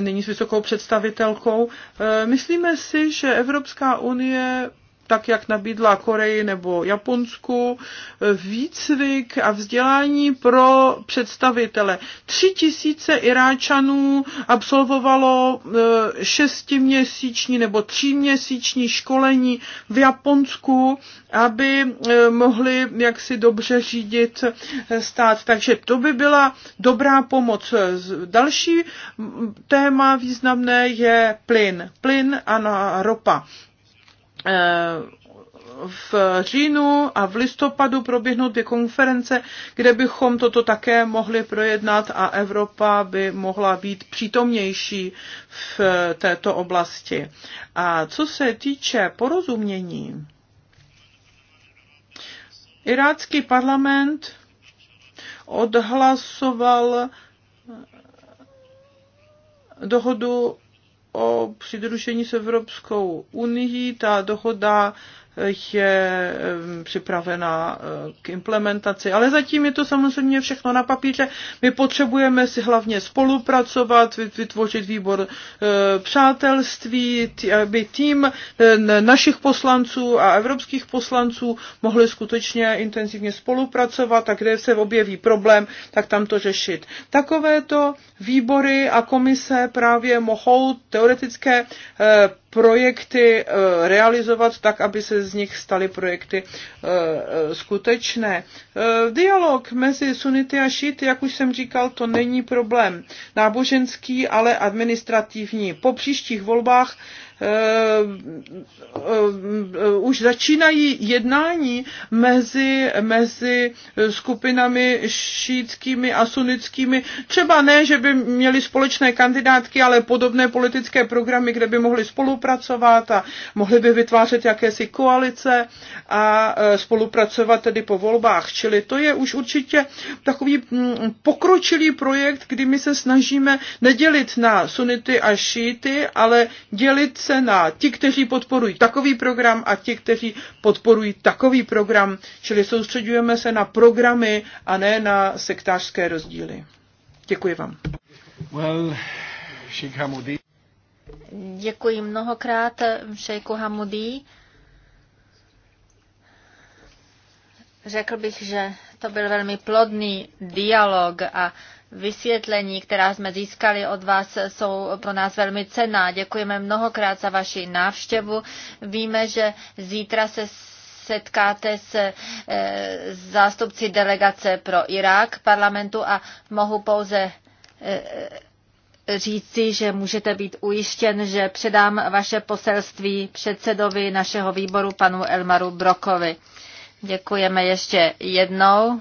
nyní s vysokou představitelkou, Eh, myslíme si, že Evropská unie tak jak nabídla Koreji nebo Japonsku, e, výcvik a vzdělání pro představitele. Tři tisíce Iráčanů absolvovalo e, šestiměsíční nebo tříměsíční školení v Japonsku, aby e, mohli jaksi dobře řídit stát. Takže to by byla dobrá pomoc. Další téma významné je plyn. Plyn a ropa. Eh, v říjnu a v listopadu proběhnou dvě konference, kde bychom toto také mohli projednat a Evropa by mohla být přítomnější v této oblasti. A co se týče porozumění, irácký parlament odhlasoval dohodu o přidružení s Evropskou unii. Ta dohoda je připravena eh, k implementaci. Ale zatím je to samozřejmě všechno na papíře. My potřebujeme si hlavně spolupracovat, vytvořit výbor eh, přátelství, aby tým eh, našich poslanců a evropských poslanců mohli skutečně intenzivně spolupracovat a kde se objeví problém, tak tam to řešit. Takovéto výbory a komise právě mohou teoretické projekty eh, realizovat tak, aby se z nich staly projekty eh, eh, skutečné. Dialog mezi sunity a šity, jak už jsem říkal, to není problém náboženský, ale administrativní. Po příštích volbách Eh, eh, už začínají jednání mezi, mezi skupinami šítskými a sunnickými. Třeba ne, že by měli společné kandidátky, ale podobné politické programy, kde by mohli spolupracovat a mohli by vytvářet jakési koalice a eh, spolupracovat tedy po volbách. Čili to je už určitě takový hm, pokročilý projekt, kdy my se snažíme nedělit na sunity a šíty, ale dělit se se na ti, kteří podporují takový program a ti, kteří podporují takový program, čili soustředujeme se na programy a ne na sektářské rozdíly. Děkuji vám. Well, Děkuji mnohokrát šejku Hamudí. Řekl bych, že to byl velmi plodný dialog a vysvětlení, která jsme získali od vás, jsou pro nás velmi cená. Děkujeme mnohokrát za vaši návštěvu. Víme, že zítra se setkáte s eh, zástupci delegace pro Irák parlamentu a mohu pouze eh, říci, že můžete být ujištěn, že předám vaše poselství předsedovi našeho výboru panu Elmaru Brokovi. Děkujeme ještě jednou.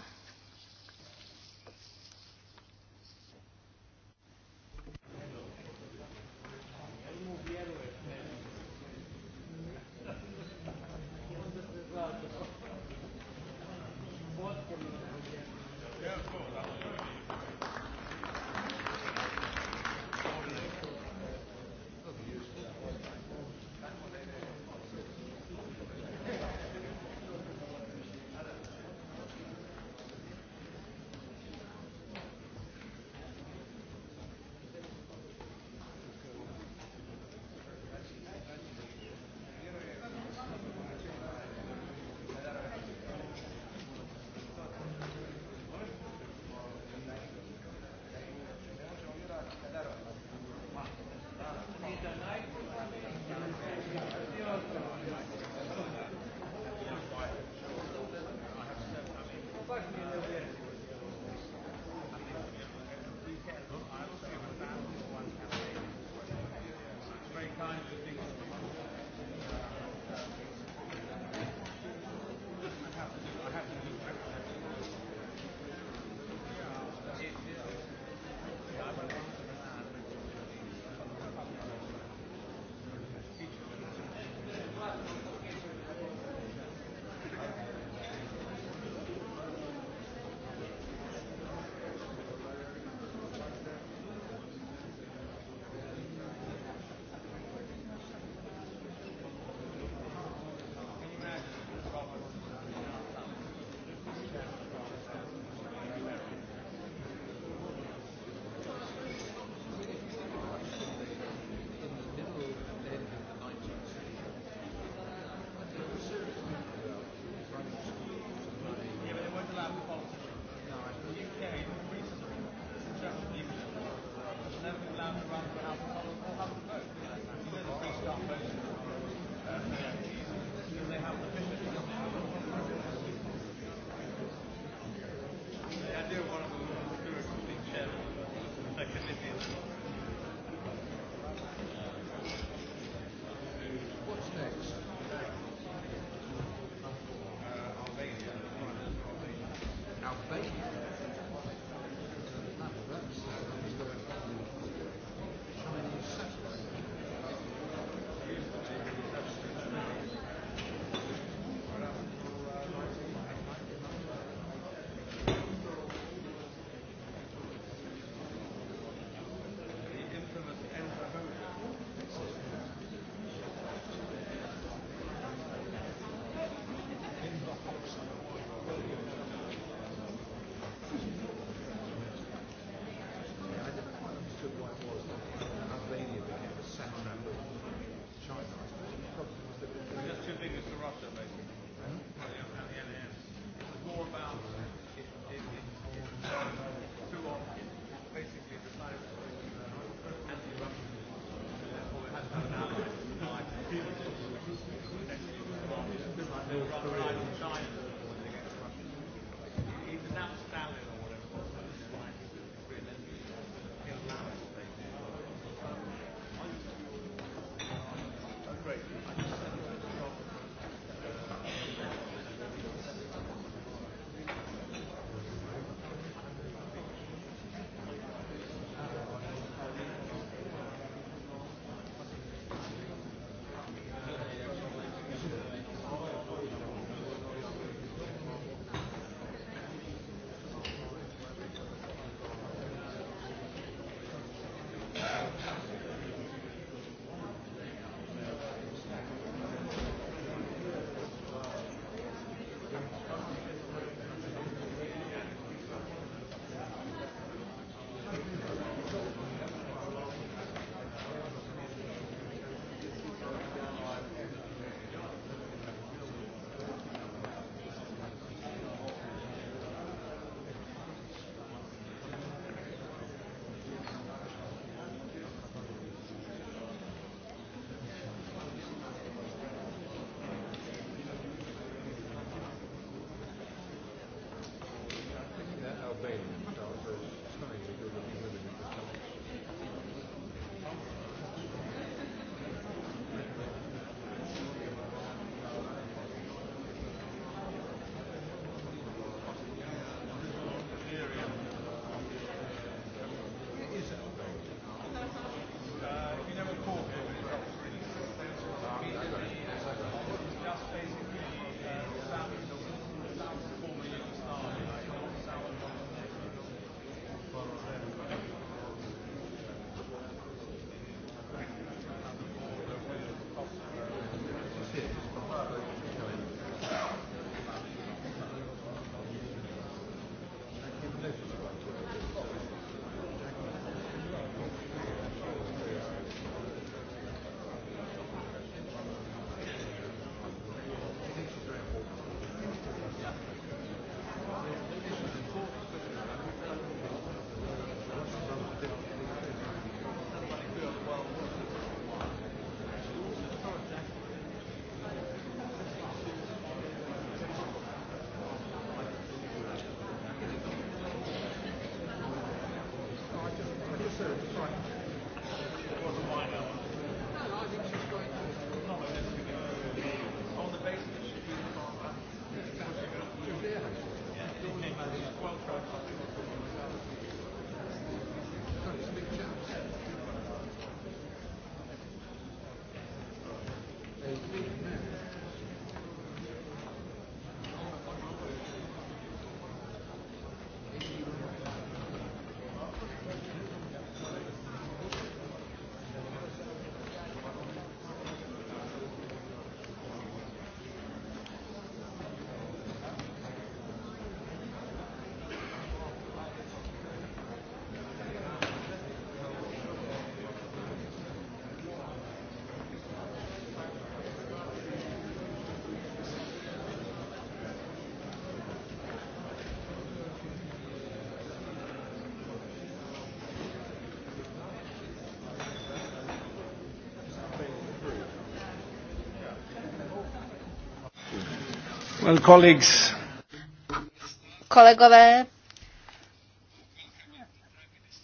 Kolegové,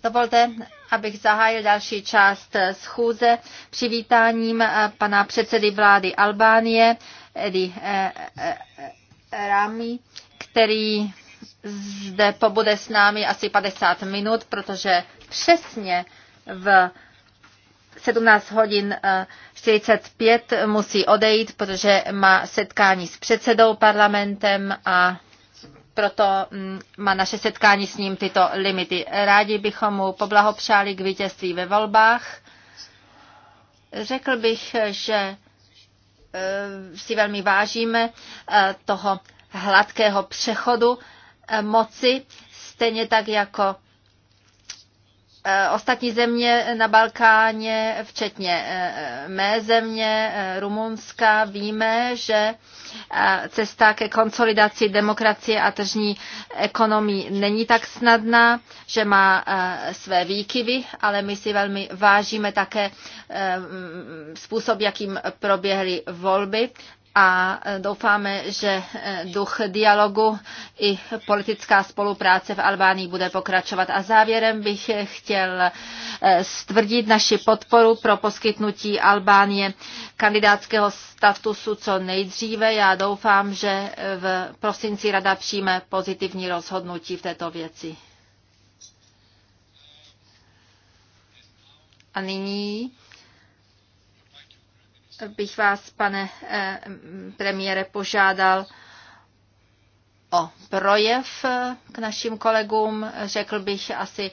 dovolte, abych zahájil další část schůze přivítáním eh, pana předsedy vlády Albánie, Edi eh, eh, Rami, který zde pobude s námi asi 50 minut, protože přesně v 17 hodin eh, 45 musí odejít, protože má setkání s předsedou parlamentem a proto mm, má naše setkání s ním tyto limity. Rádi bychom mu poblahopřáli k vítězství ve volbách. Řekl bych, že eh, si velmi vážíme eh, toho hladkého přechodu moci, stejně tak jako Eh, ostatní země na Balkáně, včetně eh, mé země, eh, Rumunska, víme, že cesta ke konsolidaci demokracie a tržní ekonomii není tak snadná, že má své výkyvy, ale my si velmi vážíme také způsob, jakým proběhly volby a doufáme, že eh, duch dialogu i politická spolupráce v Albánii bude pokračovat. A závěrem bych chtěl eh, stvrdit naši podporu pro poskytnutí Albánie kandidátského statusu co nejdříve. Já doufám, že v prosinci rada přijme pozitivní rozhodnutí v této věci. A nyní bych vás, pane eh, premiére, požádal o projev eh, k našim kolegům, řekl bych asi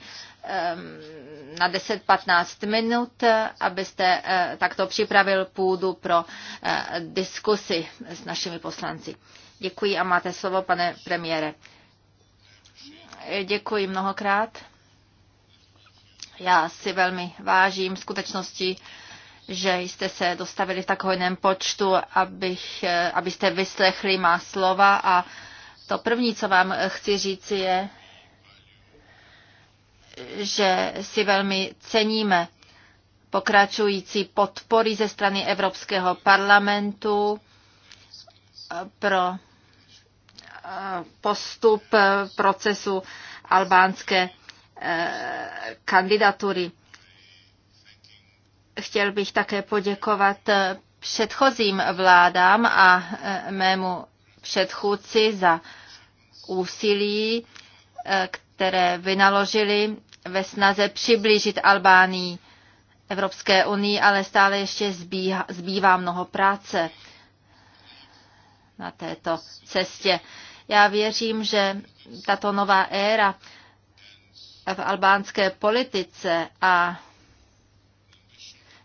na 10-15 minut, abyste eh, takto připravil půdu pro diskusy s našimi poslanci. Děkuji a máte slovo, pane premiére. Děkuji mnohokrát. Já si velmi vážím skutečnosti, že jste se dostavili v takovém počtu, abych, eh, abyste vyslechli má slova a to první, co vám chci říct, je, že si velmi ceníme pokračující podpory ze strany Evropského parlamentu eh, pro eh, postup procesu albánské kandidatury. Chtěl bych také poděkovat eh, předchozím vládám a eh, mému předchůdci za úsilí, eh, které vynaložili ve snaze přiblížit Albánii Evropské unii, ale stále ještě zbývá, zbývá mnoho práce na této cestě. Já věřím, že tato nová éra v albánské politice a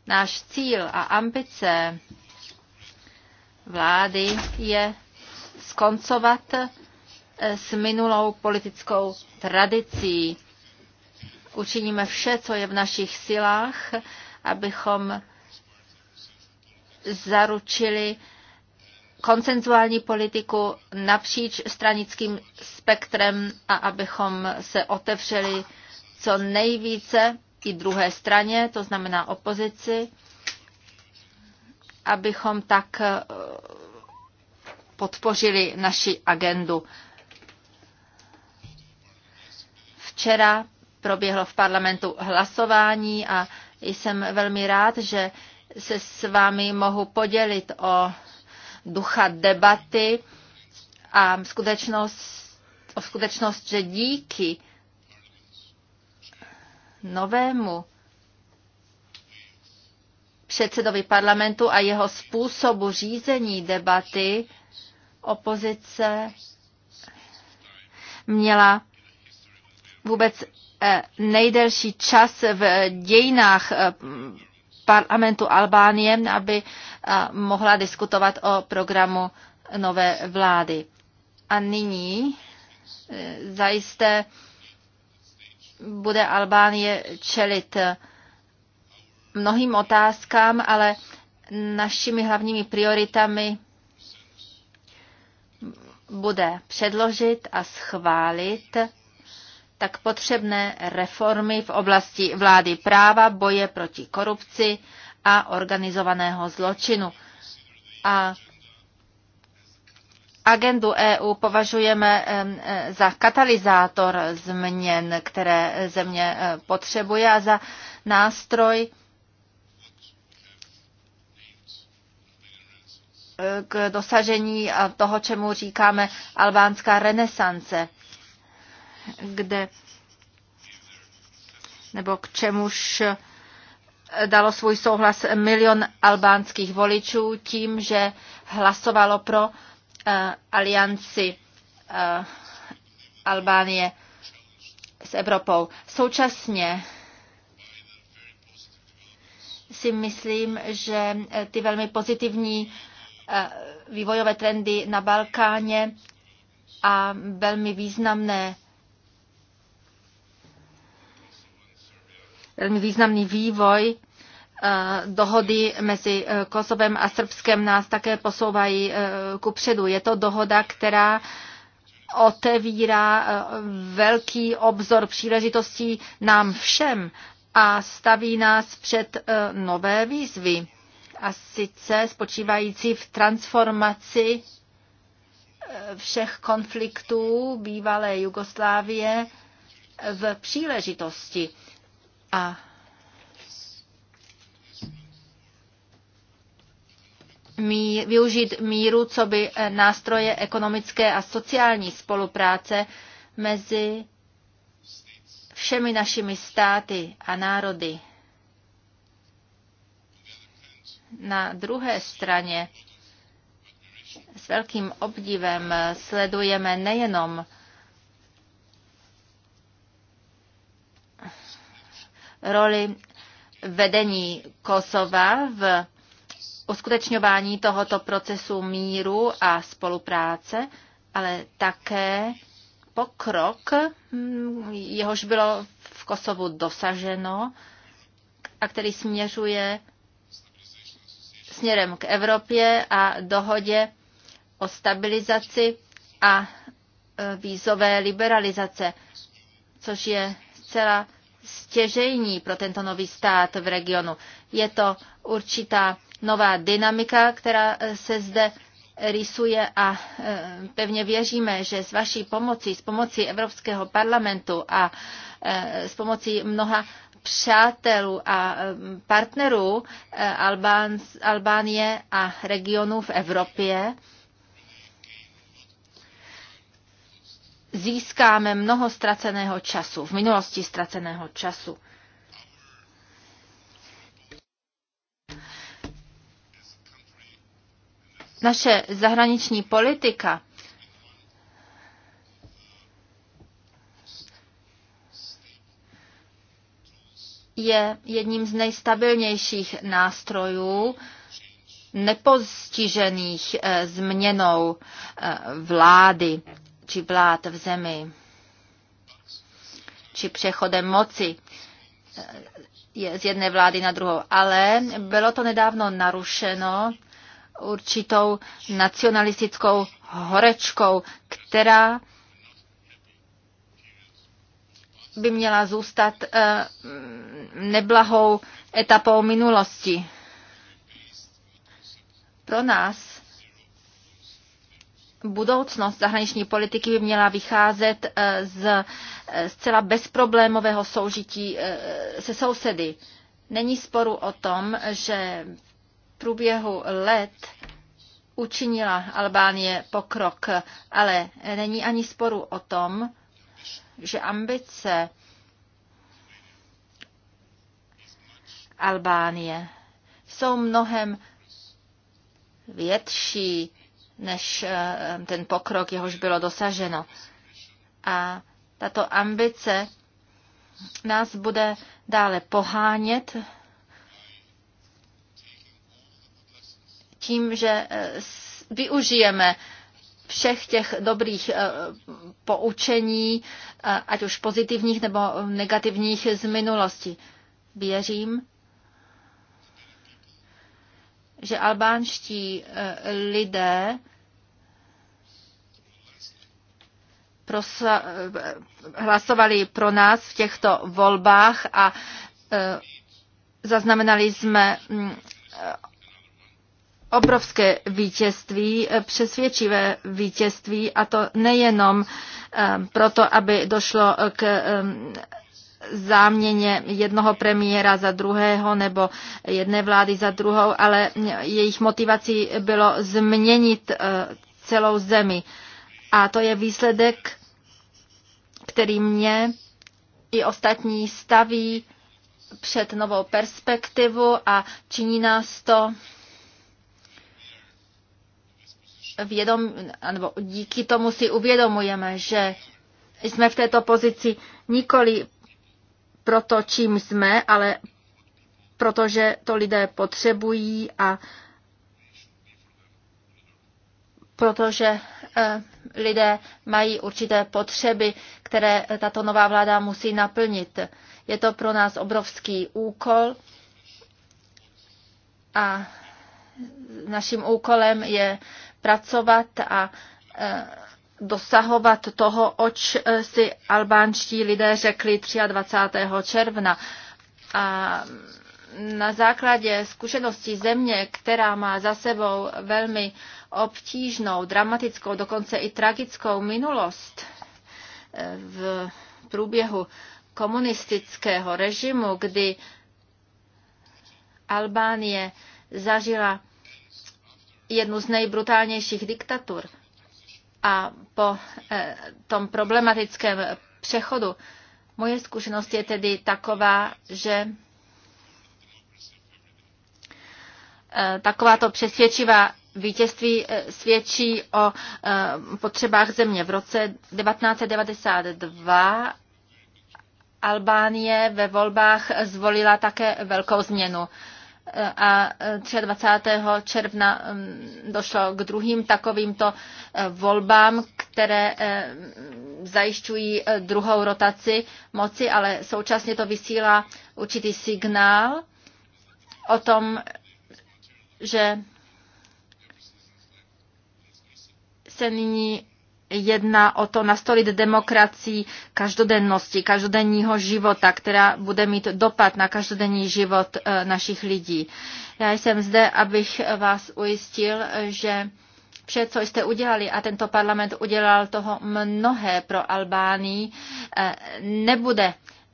Náš cíl a ambice vlády je skoncovat eh, s minulou politickou tradicí. Učiníme vše, co je v našich silách, abychom zaručili konsenzuální politiku napříč stranickým spektrem a abychom se otevřeli co nejvíce i druhé straně, to znamená opozici, abychom tak eh, podpořili naši agendu. Včera proběhlo v parlamentu hlasování a jsem velmi rád, že se s vámi mohu podělit o ducha debaty a skutečnost, o skutečnost, že díky novému předsedovi parlamentu a jeho způsobu řízení debaty opozice měla vůbec eh, nejdelší čas v dějinách eh, parlamentu Albánie, aby eh, mohla diskutovat o programu nové vlády. A nyní zajisté bude Albánie čelit mnohým otázkám, ale našimi hlavními prioritami bude předložit a schválit tak potřebné reformy v oblasti vlády práva, boje proti korupci a organizovaného zločinu. A agendu EU považujeme za katalyzátor změn, které země e, potřebuje a za nástroj e, k dosažení e, toho, čemu říkáme albánská renesance, kde nebo k čemuž dalo svůj souhlas milion albánských voličů tím, že hlasovalo pro Eh, alianci eh, Albánie s Evropou. Současně si myslím, že eh, ty velmi pozitivní vývojové trendy na Balkáně a velmi významné velmi významný vývoj Eh, dohody mezi eh, Kosovem a Srbskem nás také posouvají eh, ku předu. Je to dohoda, která otevírá velký obzor příležitostí nám všem a staví nás před nové výzvy. A sice spočívající v transformaci všech konfliktů bývalé Jugoslávie v příležitosti. A mí, využít míru, co by eh, nástroje ekonomické a sociální spolupráce mezi všemi našimi státy a národy. Na druhé straně s velkým obdivem sledujeme nejenom roli vedení Kosova v uskutečňování tohoto procesu míru a spolupráce, ale také pokrok, hm, jehož bylo v Kosovu dosaženo a který směřuje směrem k Evropě a dohodě o stabilizaci a e, vízové liberalizace, což je zcela stěžejní pro tento nový stát v regionu. Je to určitá nová dynamika, která eh, se zde rýsuje a eh, pevně věříme, že s vaší pomocí, s pomocí Evropského parlamentu a eh, s pomocí mnoha přátelů a partnerů Albánie a regionů v Evropě získáme mnoho ztraceného času, v minulosti ztraceného času. naše zahraniční politika je jedním z nejstabilnějších nástrojů nepostižených eh, změnou eh, vlády či vlád v zemi či přechodem moci eh, je z jedné vlády na druhou. Ale bylo to nedávno narušeno určitou nacionalistickou horečkou, která by měla zůstat eh, neblahou etapou minulosti. Pro nás budoucnost zahraniční politiky by měla vycházet eh, z eh, zcela bezproblémového soužití se sousedy. Není sporu o tom, že průběhu let učinila Albánie pokrok, ale není ani sporu o tom, že ambice Albánie jsou mnohem větší než eh, ten pokrok, jehož bylo dosaženo. A tato ambice nás bude dále pohánět tím, že eh, využijeme všech těch dobrých eh, poučení, eh, ať už pozitivních nebo negativních z minulosti. Věřím, že albánští lidé hlasovali pro nás v těchto volbách a zaznamenali jsme mm, obrovské vítězství, eh, přesvědčivé vítězství a to nejenom eh, proto, aby došlo k eh, záměně jednoho premiéra za druhého nebo jedné vlády za druhou, ale jejich motivací bylo změnit celou zemi. A to je výsledek, který mě i ostatní staví před novou perspektivu a činí nás to vědom, nebo díky tomu si uvědomujeme, že jsme v této pozici nikoli proto, čím jsme, ale protože to lidé potřebují a protože eh, lidé mají určité potřeby, které tato nová vláda musí naplnit. Je to pro nás obrovský úkol a naším úkolem je pracovat a e, dosahovat toho, oč e, si albánští lidé řekli 23. června. A na základě zkušeností země, která má za sebou velmi obtížnou, dramatickou, dokonce i tragickou minulost e, v průběhu komunistického režimu, kdy Albánie zažila jednu z nejbrutálnějších diktatur a po eh, tom problematickém přechodu moje zkušenost je tedy taková, že eh, takováto přesvědčivá vítězství eh, svědčí o potřebách země. V roce 1992 Albánie ve volbách zvolila také velkou změnu a 23. června um, došlo k druhým takovýmto uh, volbám, které uh, zajišťují uh, druhou rotaci moci, ale současně to vysílá určitý signál o tom, že se nyní jedná o to nastolit demokracii každodennosti, každodenního života, která bude mít dopad na každodenní život e, našich lidí. Já jsem zde, abych vás ujistil, že vše, co jste udělali, a tento parlament udělal toho mnohé pro Albánii, e, nebude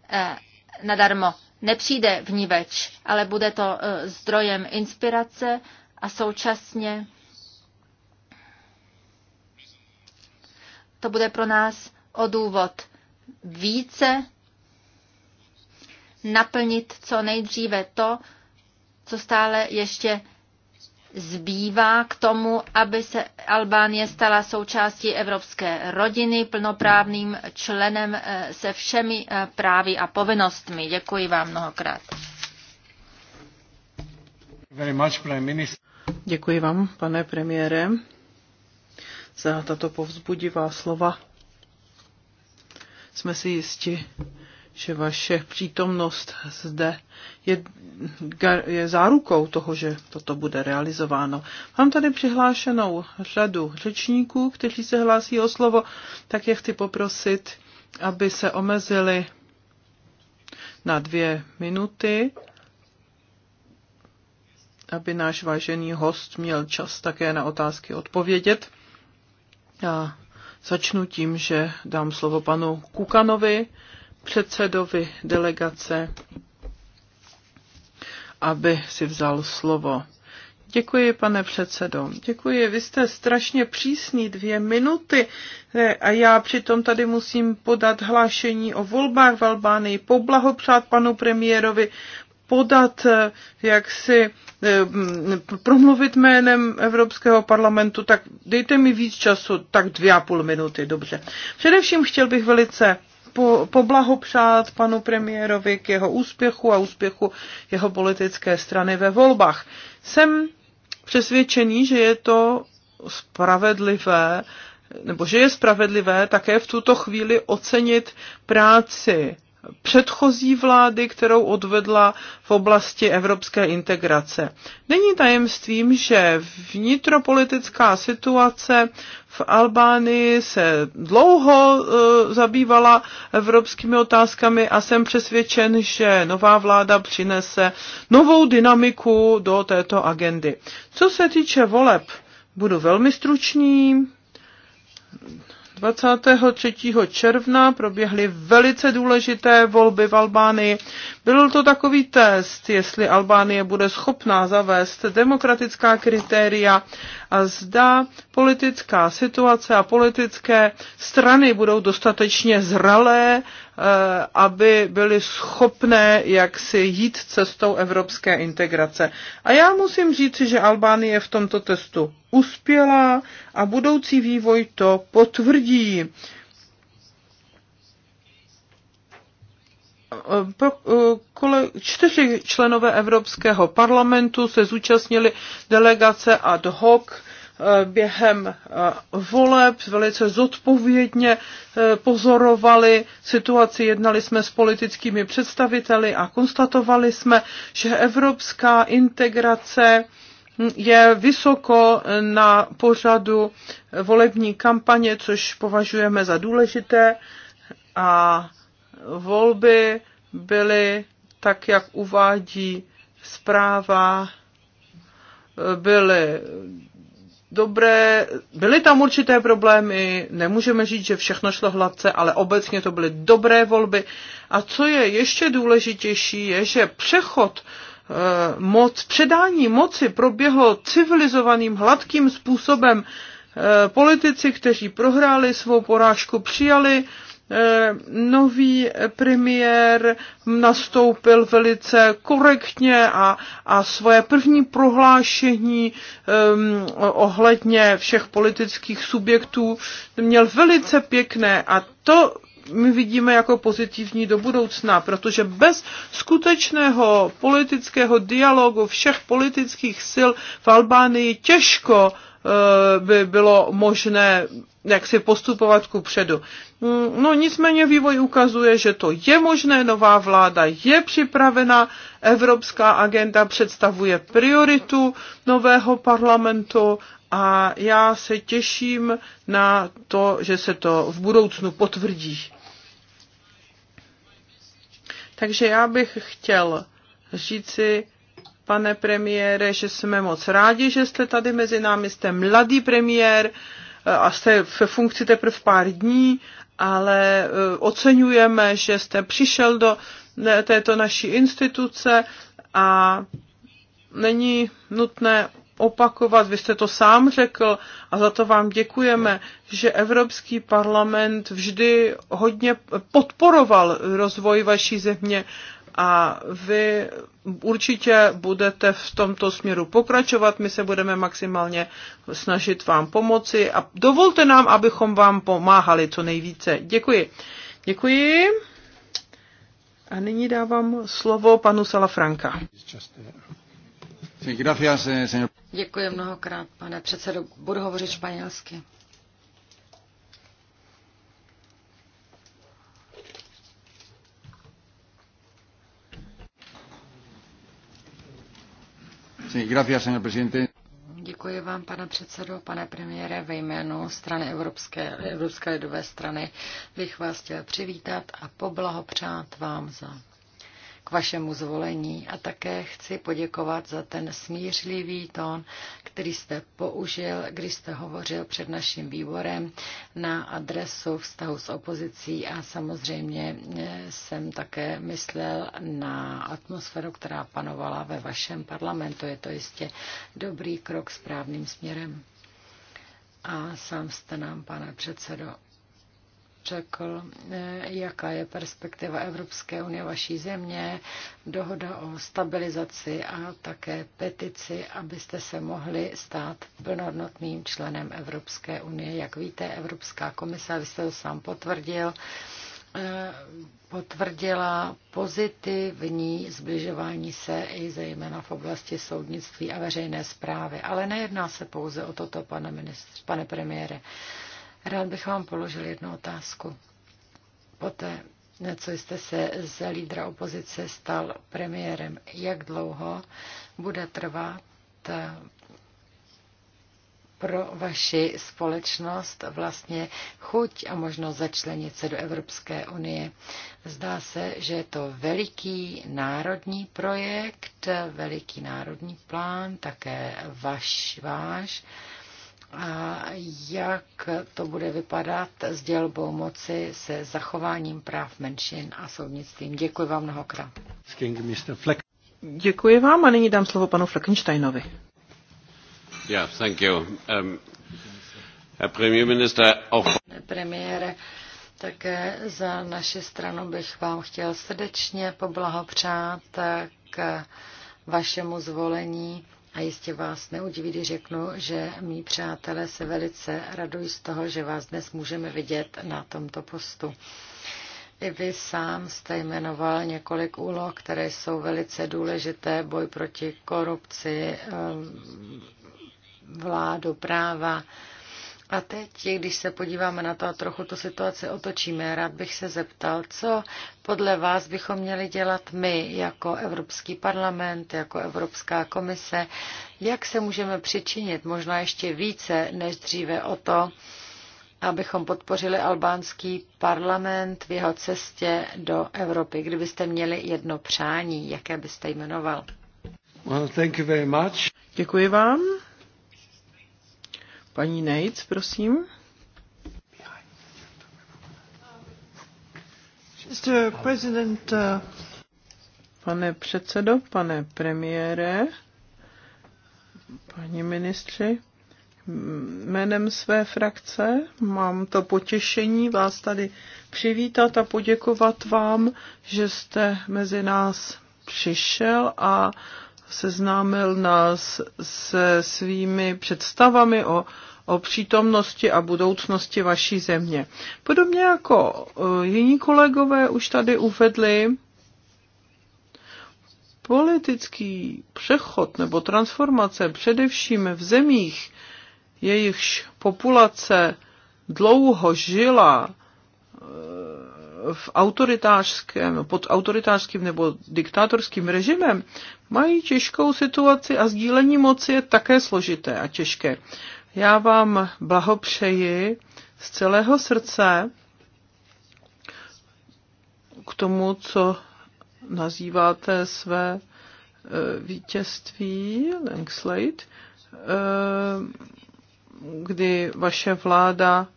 e, nadarmo, nepřijde vníveč, ale bude to zdrojem inspirace a současně to bude pro nás odůvod více naplnit co nejdříve to, co stále ještě zbývá k tomu, aby se Albánie stala součástí evropské rodiny, plnoprávným členem eh, se všemi eh, právy a povinnostmi. Děkuji vám mnohokrát. Děkuji vám, pane premiére za tato povzbudivá slova. Jsme si jisti, že vaše přítomnost zde je, je zárukou toho, že toto bude realizováno. Mám tady přihlášenou řadu řečníků, kteří se hlásí o slovo, tak je chci poprosit, aby se omezili na dvě minuty, aby náš vážený host měl čas také na otázky odpovědět. Já začnu tím, že dám slovo panu Kukanovi, předsedovi delegace, aby si vzal slovo. Děkuji, pane předsedo. Děkuji, vy jste strašně přísný, dvě minuty. E, a já přitom tady musím podat hlášení o volbách v Albánii, poblahopřát panu premiérovi, podat, eh, jak si eh, promluvit jménem Evropského parlamentu, tak dejte mi víc času, tak dvě a půl minuty, dobře. Především chtěl bych velice po, poblahopřát panu premiérovi k jeho úspěchu a úspěchu jeho politické strany ve volbách. Jsem přesvědčený, že je to spravedlivé, nebo že je spravedlivé také v tuto chvíli ocenit práci předchozí vlády, kterou odvedla v oblasti evropské integrace. Není tajemstvím, že vnitropolitická situace v Albánii se dlouho e, zabývala evropskými otázkami a jsem přesvědčen, že nová vláda přinese novou dynamiku do této agendy. Co se týče voleb, budu velmi stručný 23. června proběhly velice důležité volby v Albánii. Byl to takový test, jestli Albánie bude schopná zavést demokratická kritéria a zda politická situace a politické strany budou dostatečně zralé Eh, aby byly schopné jak si jít cestou evropské integrace. A já musím říct, že Albánie v tomto testu uspěla a budoucí vývoj to potvrdí. Eh, pro, eh, kole, čtyři členové Evropského parlamentu se zúčastnili delegace ad hoc Eh, během eh, voleb velice zodpovědně eh, pozorovali situaci, jednali jsme s politickými představiteli a konstatovali jsme, že evropská integrace je vysoko na pořadu volební kampaně, což považujeme za důležité a volby byly, tak jak uvádí zpráva, byly dobré, byly tam určité problémy, nemůžeme říct, že všechno šlo hladce, ale obecně to byly dobré volby. A co je ještě důležitější, je, že přechod eh, moc, předání moci proběhlo civilizovaným, hladkým způsobem. Eh, politici, kteří prohráli svou porážku, přijali Eh, nový premiér nastoupil velice korektně a, a svoje první prohlášení um, ohledně všech politických subjektů měl velice pěkné a to my vidíme jako pozitivní do budoucna, protože bez skutečného politického dialogu všech politických sil v Albánii těžko eh, by bylo možné jak si postupovat ku předu. Mm, no nicméně vývoj ukazuje, že to je možné, nová vláda je připravena, evropská agenda představuje prioritu nového parlamentu a já se těším na to, že se to v budoucnu potvrdí. Takže já bych chtěl říci, pane premiére, že jsme moc rádi, že jste tady mezi námi, jste mladý premiér eh, a jste ve funkci teprve pár dní ale e, oceňujeme, že jste přišel do této naší instituce a není nutné opakovat, vy jste to sám řekl a za to vám děkujeme, že Evropský parlament vždy hodně podporoval rozvoj vaší země a vy určitě budete v tomto směru pokračovat. My se budeme maximálně snažit vám pomoci a dovolte nám, abychom vám pomáhali co nejvíce. Děkuji. Děkuji. A nyní dávám slovo panu Salafranka. Eh, Děkuji mnohokrát, pane předsedo. Budu hovořit španělsky. Děkuji vám, pane předsedo, pane premiére, ve jménu strany Evropské, Evropské lidové strany bych vás chtěl přivítat a poblahopřát vám za k vašemu zvolení a také chci poděkovat za ten smířlivý tón, který jste použil, když jste hovořil před naším výborem na adresu vztahu s opozicí a samozřejmě eh, jsem také myslel na atmosféru, která panovala ve vašem parlamentu. Je to jistě dobrý krok správným směrem. A sám jste nám, pane předsedo, řekl, e, jaká je perspektiva Evropské unie vaší země, dohoda o stabilizaci a také petici, abyste se mohli stát plnohodnotným členem Evropské unie. Jak víte, Evropská komise, vy jste to sám potvrdil, e, potvrdila pozitivní zbližování se i zejména v oblasti soudnictví a veřejné zprávy. Ale nejedná se pouze o toto, pane, ministr, pane premiére. Rád bych vám položil jednu otázku. Poté, co jste se z lídra opozice stal premiérem, jak dlouho bude trvat eh, pro vaši společnost vlastně chuť a možnost začlenit se do Evropské unie. Zdá se, že je to veliký národní projekt, veliký národní plán, také vaš, váš. váš a jak to bude vypadat s dělbou moci se zachováním práv menšin a soudnictvím. Děkuji vám mnohokrát. Děkuji vám a nyní dám slovo panu Fleckensteinovi. Yeah, thank you. Um, uh, oh. Premiére, také za naši stranu bych vám chtěl srdečně poblahopřát k vašemu zvolení a jistě vás neudiví, když řeknu, že mý přátelé se velice radují z toho, že vás dnes můžeme vidět na tomto postu. I vy sám jste jmenoval několik úloh, které jsou velice důležité. Boj proti korupci, ehm, vládu práva, a teď, když se podíváme na to a trochu tu situaci otočíme, rád bych se zeptal, co podle vás bychom měli dělat my jako Evropský parlament, jako Evropská komise, jak se můžeme přičinit možná ještě více než dříve o to, abychom podpořili albánský parlament v jeho cestě do Evropy. Kdybyste měli jedno přání, jaké byste jmenoval? Well, thank you very much. Děkuji vám. Paní Nejc, prosím. Uh, pane předsedo, pane premiére, paní ministři, jménem své frakce mám to potěšení vás tady přivítat a poděkovat vám, že jste mezi nás přišel a seznámil nás se svými představami o, o přítomnosti a budoucnosti vaší země. Podobně jako eh, jiní kolegové už tady uvedli, politický přechod nebo transformace především v zemích, jejichž populace dlouho žila eh, v autoritářském, pod autoritářským nebo diktátorským režimem mají těžkou situaci a sdílení moci je také složité a těžké. Já vám blahopřeji z celého srdce k tomu, co nazýváte své eh, vítězství, Langslade, eh, kdy vaše vláda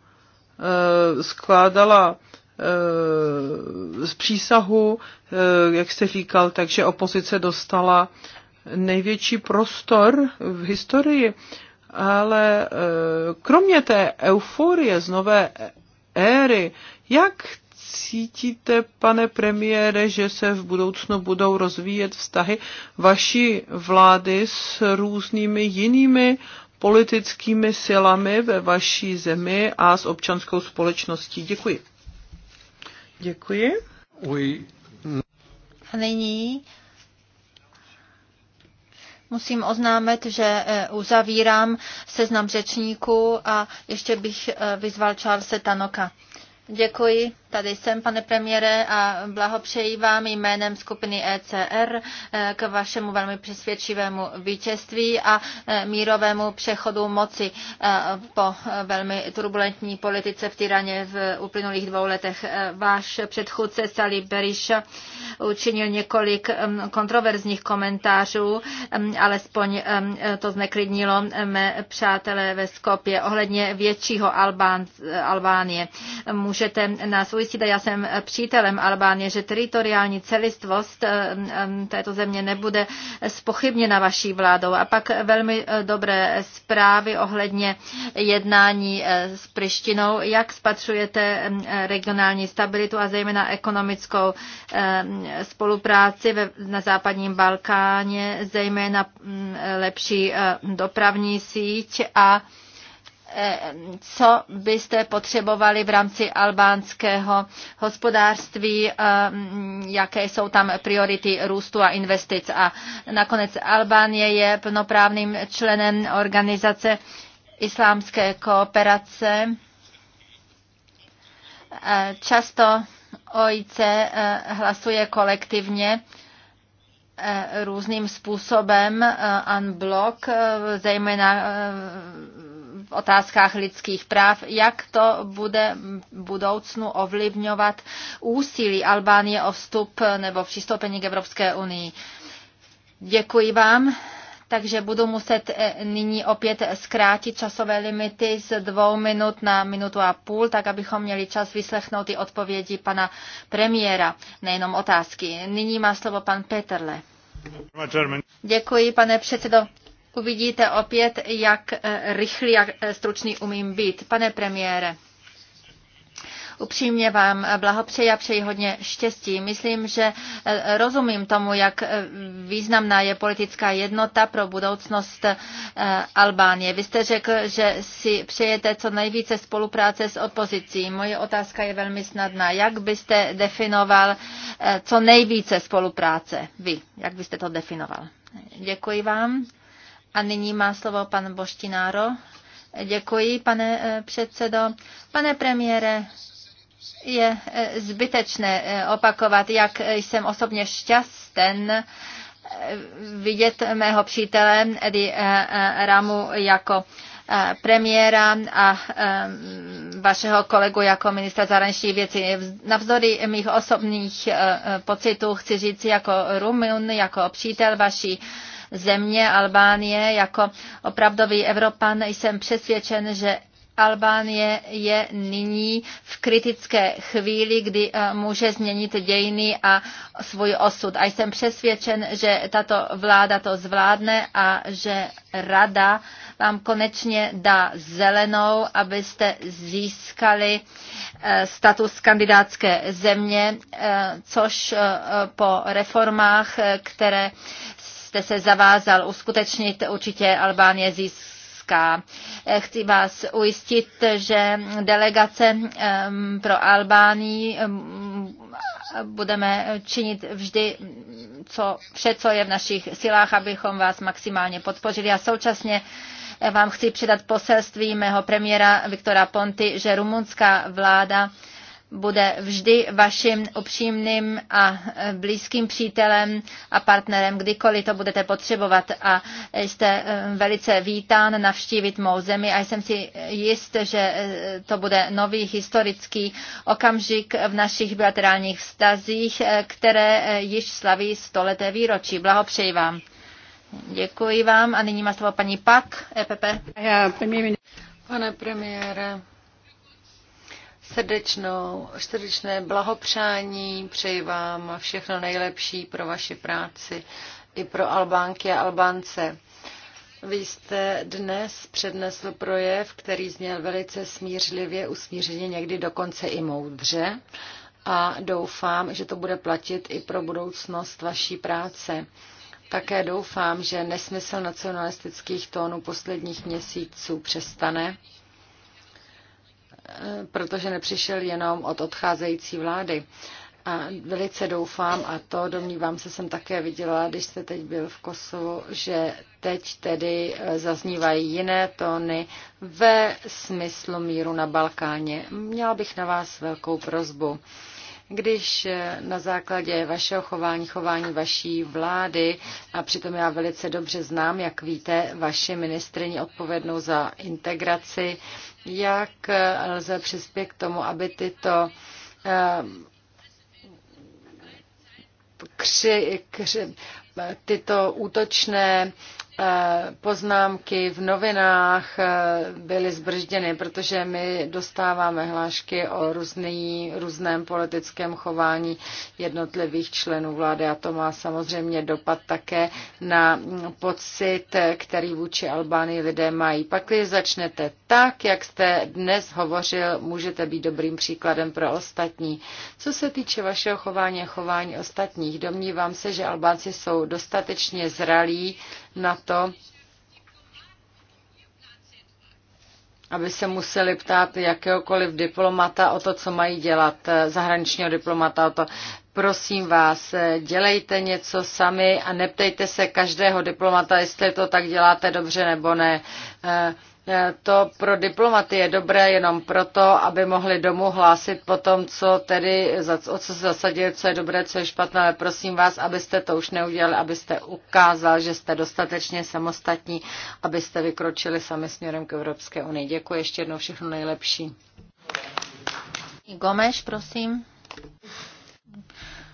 eh, skládala Eh, z přísahu, eh, jak jste říkal, takže opozice dostala největší prostor v historii. Ale eh, kromě té euforie z nové éry, jak cítíte, pane premiére, že se v budoucnu budou rozvíjet vztahy vaší vlády s různými jinými politickými silami ve vaší zemi a s občanskou společností? Děkuji. Děkuji. Oui. A nyní musím oznámit, že eh, uzavírám seznam řečníků a ještě bych eh, vyzval Charlesa Tanoka. Děkuji, tady jsem, pane premiére, a blahopřeji vám jménem skupiny ECR eh, k vašemu velmi přesvědčivému vítězství a eh, mírovému přechodu moci eh, po velmi turbulentní politice v Tyraně v uplynulých dvou letech. Váš předchůdce Sali Beriš učinil několik mm, kontroverzních komentářů, mm, alespoň mm, to zneklidnilo mé přátelé ve Skopě ohledně většího Albán, Albánie. Můž můžete nás ujistit, a já jsem přítelem Albánie, že teritoriální celistvost eh, této země nebude spochybněna vaší vládou. A pak velmi eh, dobré zprávy ohledně jednání eh, s Prištinou. Jak spatřujete regionální stabilitu a zejména ekonomickou spolupráci na západním Balkáně, zejména mm, lepší dopravní síť a Eh, co byste potřebovali v rámci albánského hospodářství, eh, mm, jaké jsou tam priority růstu a investic. A nakonec Albánie je plnoprávným členem organizace islámské kooperace. Eh, často OIC hlasuje kolektivně různým způsobem unblock, zejména v otázkách lidských práv, jak to bude v budoucnu ovlivňovat úsilí Albánie o vstup nebo přistoupení k Evropské unii. Děkuji vám takže budu muset eh, nyní opět zkrátit časové limity z dvou minut na minutu a půl, tak abychom měli čas vyslechnout i odpovědi pana premiéra, nejenom otázky. Nyní má slovo pan Peterle. Děkuji, pane předsedo uvidíte opět, jak eh, rychlý a eh, stručný umím být. Pane premiére, upřímně vám blahopřeji a přeji hodně štěstí. Myslím, že eh, rozumím tomu, jak významná je politická jednota pro budoucnost Albánie. Vy jste řekl, že si přejete co nejvíce spolupráce s opozicí. Moje otázka je velmi snadná. Jak byste definoval co nejvíce spolupráce? Vy, jak byste to definoval? Děkuji vám. A nyní má slovo pan Boštináro. Děkuji, pane eh, předsedo. Pane premiére, je eh, zbytečné eh, opakovat, jak jsem osobně šťasten, vidět mého přítele Edy Ramu jako premiéra a vašeho kolegu jako ministra zahraničních věcí. Navzdory mých osobních pocitů chci říct jako Rumun, jako přítel vaší země Albánie. Jako opravdový Evropan jsem přesvědčen, že Albánie je nyní v kritické chvíli, kdy eh, může změnit dějiny a svůj osud. A jsem přesvědčen, že tato vláda to zvládne a že rada vám konečně dá zelenou, abyste získali eh, status kandidátské země, eh, což po reformách, které jste se zavázal uskutečnit, určitě Albánie získá Chci vás ujistit, že delegace pro Albánii budeme činit vždy co, vše, co je v našich silách, abychom vás maximálně podpořili a současně vám chci předat poselství mého premiéra Viktora Ponty, že rumunská vláda bude vždy vaším upřímným a eh, blízkým přítelem a partnerem, kdykoliv to budete potřebovat. A jste eh, velice vítán navštívit mou zemi a jsem si jist, že eh, to bude nový historický okamžik v našich bilaterálních vztazích, které již slaví stoleté výročí. Blahopřeji vám. Děkuji vám a nyní má slovo paní Pak, EPP. Pane premiére, srdečnou, srdečné blahopřání, přeji vám všechno nejlepší pro vaši práci i pro Albánky a Albánce. Vy jste dnes přednesl projev, který zněl velice smířlivě, usmířeně, někdy dokonce i moudře a doufám, že to bude platit i pro budoucnost vaší práce. Také doufám, že nesmysl nacionalistických tónů posledních měsíců přestane protože nepřišel jenom od odcházející vlády. A velice doufám, a to domnívám se, jsem také viděla, když jste teď byl v Kosovu, že teď tedy eh, zaznívají jiné tóny ve smyslu míru na Balkáně. Měla bych na vás velkou prozbu. Když eh, na základě vašeho chování, chování vaší vlády, a přitom já velice dobře znám, jak víte, vaše ministrině odpovědnou za integraci, jak eh, lze přispět k tomu, aby tyto eh, kři, kři, tyto útočné Eh, poznámky v novinách eh, byly zbržděny, protože my dostáváme hlášky o různý, různém politickém chování jednotlivých členů vlády a to má samozřejmě dopad také na pocit, který vůči Albánii lidé mají. Pak, když začnete tak, jak jste dnes hovořil, můžete být dobrým příkladem pro ostatní. Co se týče vašeho chování a chování ostatních, domnívám se, že Albánci jsou dostatečně zralí, na to, aby se museli ptát jakéhokoliv diplomata o to, co mají dělat, eh, zahraničního diplomata o to. Prosím vás, eh, dělejte něco sami a neptejte se každého diplomata, jestli to tak děláte dobře nebo ne. Eh, Eh, to pro diplomaty je dobré jenom proto, aby mohli domů hlásit po tom, co tedy, o co se zasadili, co je dobré, co je špatné, ale prosím vás, abyste to už neudělali, abyste ukázal, že jste dostatečně samostatní, abyste vykročili sami směrem k Evropské unii. Děkuji ještě jednou všechno nejlepší. Gomeš, prosím.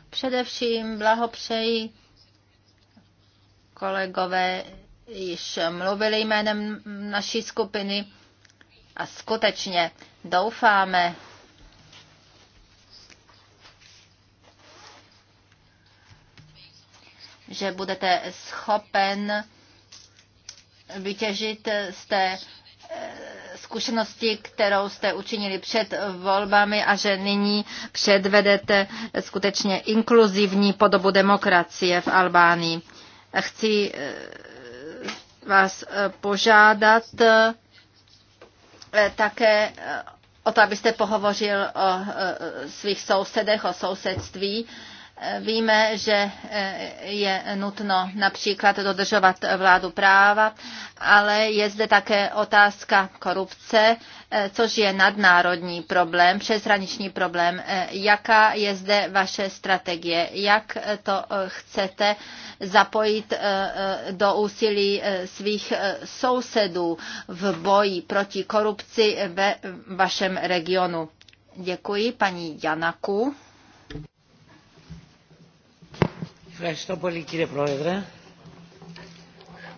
Především blahopřeji kolegové již mluvili jménem naší skupiny a skutečně doufáme, že budete schopen vytěžit z té eh, zkušenosti, kterou jste učinili před volbami a že nyní předvedete skutečně inkluzivní podobu demokracie v Albánii. Chci eh, vás eh, požádat eh, také eh, o to, abyste pohovořil o svých sousedech, o sousedství Víme, že e, je nutno například dodržovat vládu práva, ale je zde také otázka korupce, e, což je nadnárodní problém, přeshraniční problém. E, jaká je zde vaše strategie? Jak to chcete zapojit do úsilí svých sousedů v boji proti korupci ve vašem regionu? Děkuji paní Janaku.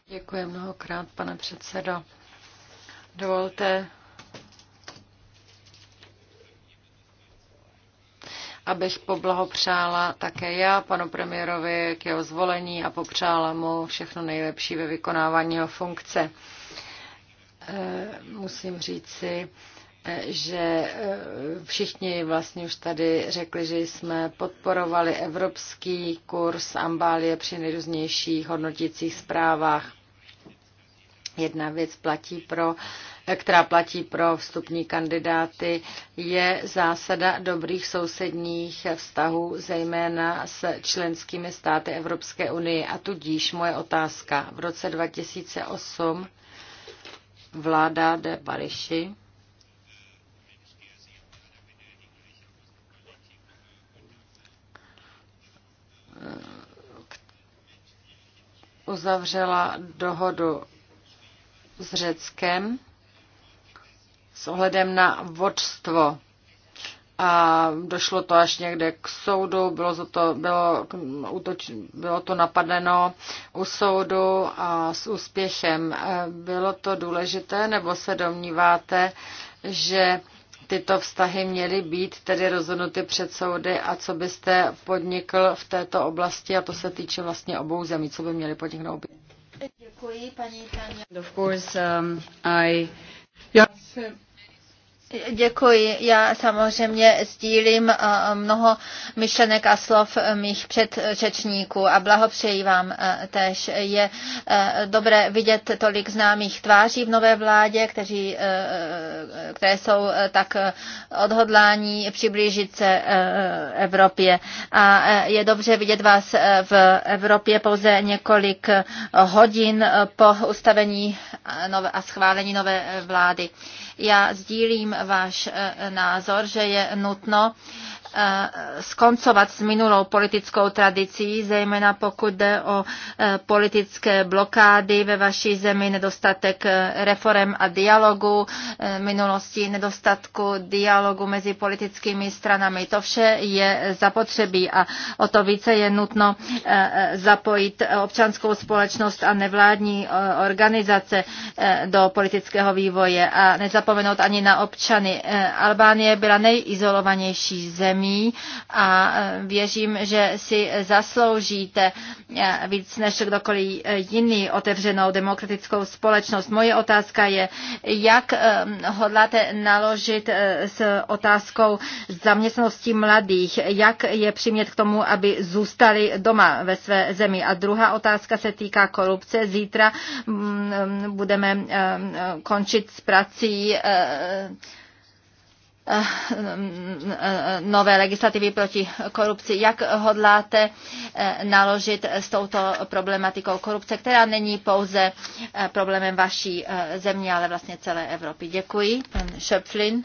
Děkuji mnohokrát, pane předsedo. Dovolte, abych poblahopřála také já panu premiérovi k jeho zvolení a popřála mu všechno nejlepší ve vykonávání jeho funkce. Eh, musím říci, že eh, všichni vlastně už tady řekli, že jsme podporovali evropský kurz Ambálie při nejrůznějších hodnotících zprávách. Jedna věc platí pro eh, která platí pro vstupní kandidáty, je zásada dobrých sousedních vztahů, zejména s členskými státy Evropské unie. A tudíž moje otázka. V roce 2008 vláda de Bariši Eh, uzavřela dohodu s Řeckem s ohledem na vodstvo a došlo to až někde k soudu, bylo, za to, bylo, útoč, bylo to napadeno u soudu a s úspěchem. Eh, bylo to důležité, nebo se domníváte, že tyto vztahy měly být tedy rozhodnuty před soudy a co byste podnikl v této oblasti a to se týče vlastně obou zemí, co by měly podniknout? Děkuji, paní Tania. Of course, um, I... Já jsem Děkuji. Já samozřejmě sdílím eh, mnoho myšlenek a slov eh, mých předřečníků a blahopřeji vám eh, tež. Je dobré vidět tolik známých tváří v nové vládě, kteří, které jsou tak odhodlání přiblížit se Evropě. A je dobře vidět vás v Evropě pouze několik hodin po ustavení a schválení nové vlády. Já sdílím váš eh, názor, že je nutno Eh, skoncovat s minulou politickou tradicí, zejména pokud jde o eh, politické blokády ve vaší zemi, nedostatek eh, reform a dialogu, minulosti nedostatku dialogu mezi politickými stranami. To vše je zapotřebí a o to více je nutno zapojit občanskou společnost a nevládní organizace do politického vývoje a nezapomenout ani na občany. Albánie byla nejizolovanější zemí zodpovědní a e, věřím, že si zasloužíte e, víc než kdokoliv e, jiný otevřenou demokratickou společnost. Moje otázka je, jak hodláte naložit s otázkou zaměstnanosti mladých, jak je přimět k tomu, aby zůstali doma ve své zemi. A druhá otázka se týká korupce. Zítra mm, budeme končit s prací Eh, nové legislativy proti korupci. Jak hodláte eh, naložit s touto problematikou korupce, která není pouze eh, problémem vaší země, ale vlastně celé Evropy? Děkuji. Pan Šöpflin.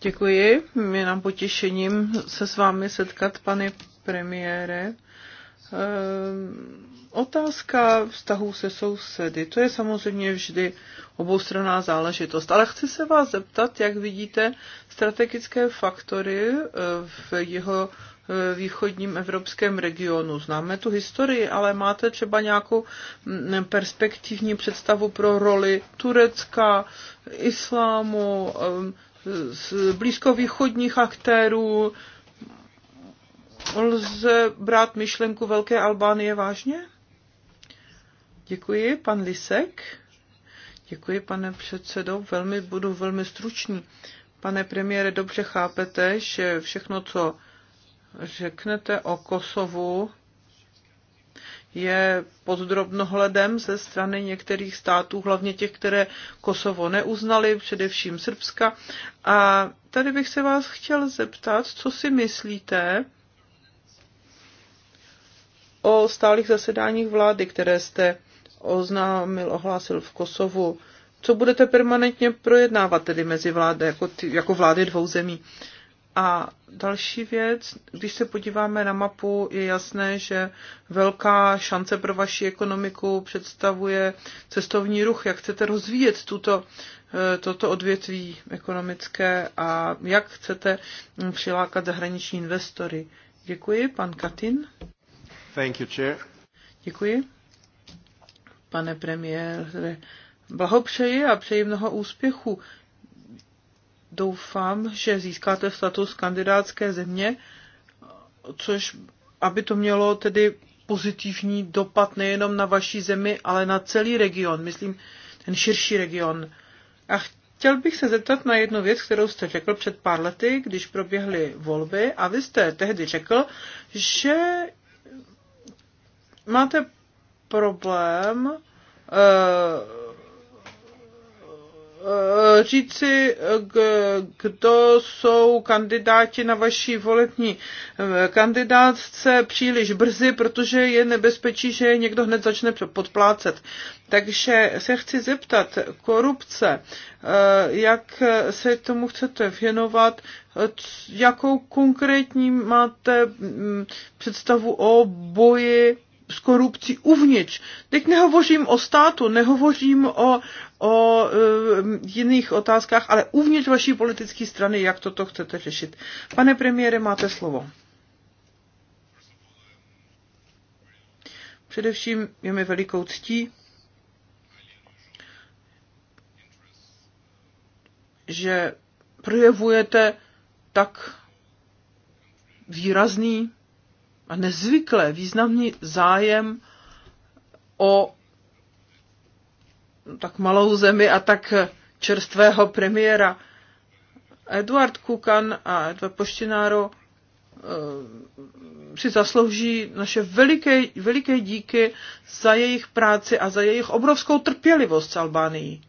Děkuji. Je nám potěšením se s vámi setkat, pane premiére. Ehm Otázka vztahů se sousedy, to je samozřejmě vždy oboustranná záležitost. Ale chci se vás zeptat, jak vidíte strategické faktory eh, v jeho eh, východním evropském regionu. Známe tu historii, ale máte třeba nějakou mm, perspektivní představu pro roli Turecka, islámu, eh, blízkovýchodních aktérů. Lze brát myšlenku Velké Albánie vážně? Děkuji, pan Lisek. Děkuji, pane předsedo. Velmi, budu velmi stručný. Pane premiére, dobře chápete, že všechno, co řeknete o Kosovu, je pod drobnohledem ze strany některých států, hlavně těch, které Kosovo neuznali, především Srbska. A tady bych se vás chtěl zeptat, co si myslíte o stálých zasedáních vlády, které jste oznámil, ohlásil v Kosovu. Co budete permanentně projednávat tedy mezi vlády, jako, ty, jako vlády dvou zemí? A další věc, když se podíváme na mapu, je jasné, že velká šance pro vaši ekonomiku představuje cestovní ruch. Jak chcete rozvíjet tuto, eh, toto odvětví ekonomické a jak chcete přilákat zahraniční investory? Děkuji, pan Katin. Thank you, chair. Děkuji pane premiére. Blahopřeji a přeji mnoho úspěchů. Doufám, že získáte status kandidátské země, což aby to mělo tedy pozitivní dopad nejenom na vaší zemi, ale na celý region, myslím, ten širší region. A chtěl bych se zeptat na jednu věc, kterou jste řekl před pár lety, když proběhly volby a vy jste tehdy řekl, že máte problém eh, eh, říci, kdo jsou kandidáti na vaší volební eh, kandidátce příliš brzy, protože je nebezpečí, že někdo hned začne podplácet. Takže se chci zeptat, korupce, jak se tomu chcete věnovat, jakou konkrétní máte mm, představu o boji s korupcí uvnitř. Teď nehovořím o státu, nehovořím o, o e, jiných otázkách, ale uvnitř vaší politické strany, jak toto chcete řešit. Pane premiére, máte slovo. Především je mi velikou ctí, že projevujete tak výrazný a nezvykle významný zájem o tak malou zemi a tak čerstvého premiéra. Eduard Kukan a Edward Poštináro eh, si zaslouží naše veliké, veliké díky za jejich práci a za jejich obrovskou trpělivost s Albánií.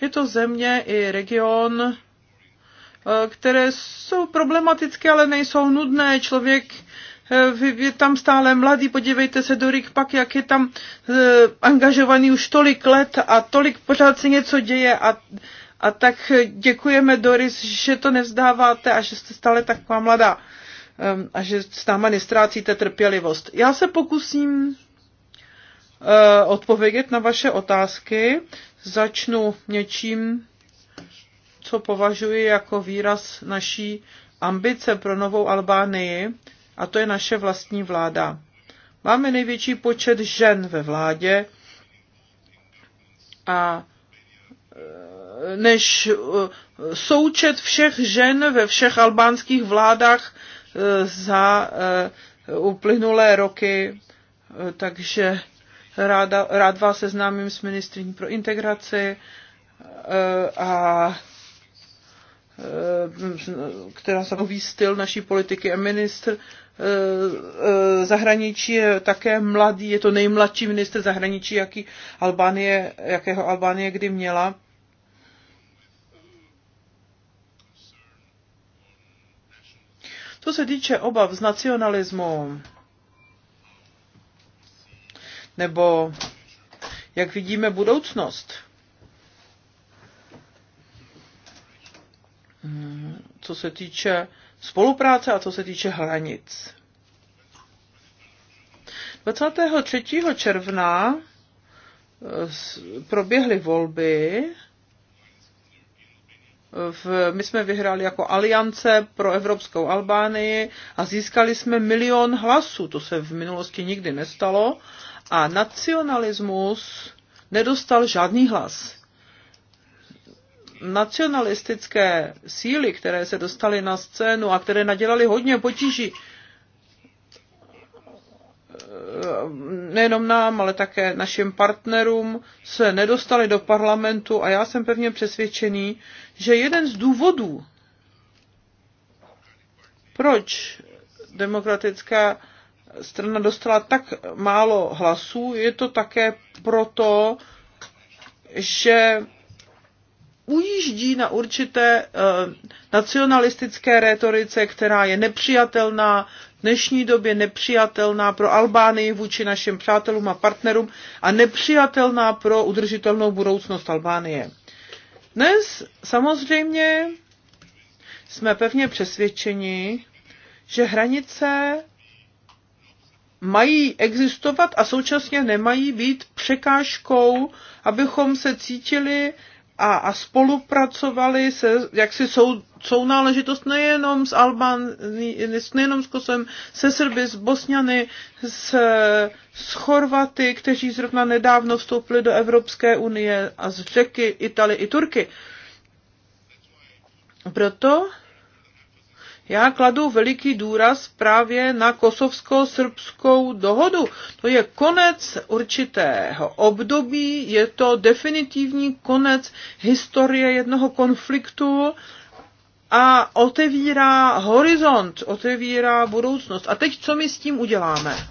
Je to země i region, Eh, které jsou problematické, ale nejsou nudné. Člověk eh, je tam stále mladý, podívejte se do Rick pak, jak je tam eh, angažovaný už tolik let a tolik pořád se něco děje a, a tak děkujeme Doris, že to nevzdáváte a že jste stále taková mladá a že s náma nestrácíte trpělivost. Já se pokusím odpovědět na vaše otázky. Začnu něčím, co považuji jako výraz naší ambice pro novou Albánii, a to je naše vlastní vláda. Máme největší počet žen ve vládě a e, než e, součet všech žen ve všech albánských vládách e, za uplynulé roky, takže ráda, rád vás seznámím s ministriní pro integraci a Eh, která mluví styl naší politiky a ministr eh, eh, zahraničí je také mladý, je to nejmladší ministr zahraničí, jaký Albánie, jakého Albánie kdy měla. Co se týče obav z nacionalismu, nebo jak vidíme budoucnost, co se týče spolupráce a co se týče hranic. 23. června eh, proběhly volby. V, my jsme vyhráli jako aliance pro Evropskou Albánii a získali jsme milion hlasů. To se v minulosti nikdy nestalo. A nacionalismus nedostal žádný hlas nacionalistické síly, které se dostaly na scénu a které nadělali hodně potíží, nejenom nám, ale také našim partnerům, se nedostali do parlamentu a já jsem pevně přesvědčený, že jeden z důvodů, proč demokratická strana dostala tak málo hlasů, je to také proto, že ujíždí na určité eh, nacionalistické rétorice, která je nepřijatelná, v dnešní době nepřijatelná pro Albánii vůči našim přátelům a partnerům a nepřijatelná pro udržitelnou budoucnost Albánie. Dnes samozřejmě jsme pevně přesvědčeni, že hranice mají existovat a současně nemají být překážkou, abychom se cítili a, a spolupracovali se, jak si jsou, jsou náležitost nejenom s Albán, nejenom s Kosem, se Srby, s Bosňany, s, s Chorvaty, kteří zrovna nedávno vstoupili do Evropské unie a z Řeky, Italy i Turky. Proto já kladu veliký důraz právě na kosovsko-srbskou dohodu. To je konec určitého období, je to definitivní konec historie jednoho konfliktu a otevírá horizont, otevírá budoucnost. A teď co my s tím uděláme?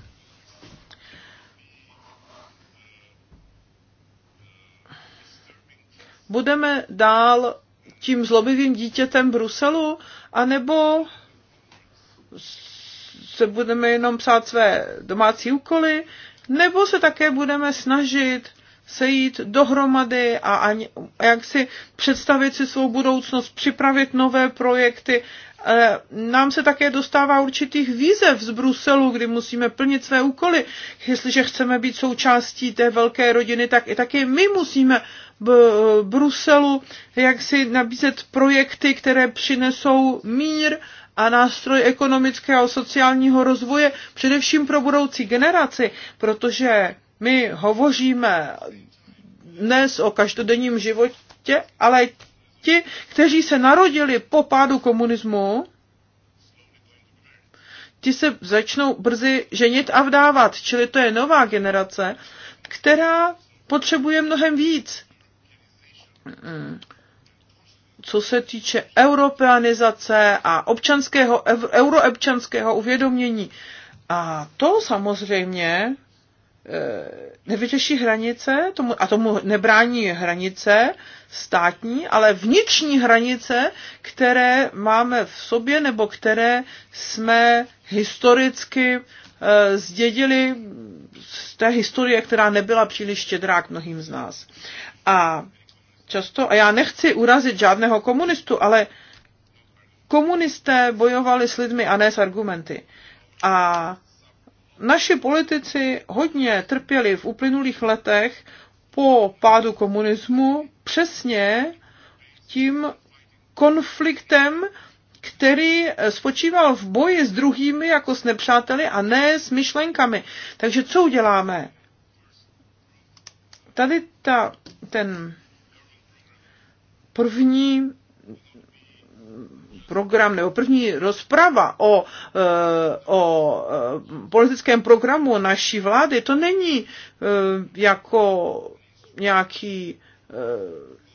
Budeme dál tím zlobivým dítětem Bruselu, anebo se budeme jenom psát své domácí úkoly, nebo se také budeme snažit sejít dohromady a, a jak si představit si svou budoucnost, připravit nové projekty E, nám se také dostává určitých výzev z Bruselu, kdy musíme plnit své úkoly. Jestliže chceme být součástí té velké rodiny, tak i taky my musíme Bruselu jak si nabízet projekty, které přinesou mír a nástroj ekonomického a sociálního rozvoje, především pro budoucí generaci, protože my hovoříme dnes o každodenním životě, ale ti, kteří se narodili po pádu komunismu, ti se začnou brzy ženit a vdávat. Čili to je nová generace, která potřebuje mnohem víc. Co se týče europeanizace a občanského, euroobčanského uvědomění. A to samozřejmě Eh, nevyřeší hranice, tomu, a tomu nebrání hranice státní, ale vnitřní hranice, které máme v sobě nebo které jsme historicky e, zdědili z té historie, která nebyla příliš štědrá k mnohým z nás. A často, a já nechci urazit žádného komunistu, ale komunisté bojovali s lidmi a ne s argumenty. A Naši politici hodně trpěli v uplynulých letech po pádu komunismu přesně tím konfliktem, který spočíval v boji s druhými jako s nepřáteli a ne s myšlenkami. Takže co uděláme? Tady ta, ten první program nebo první rozprava o, eh, o eh, politickém programu naší vlády, to není eh, jako nějaký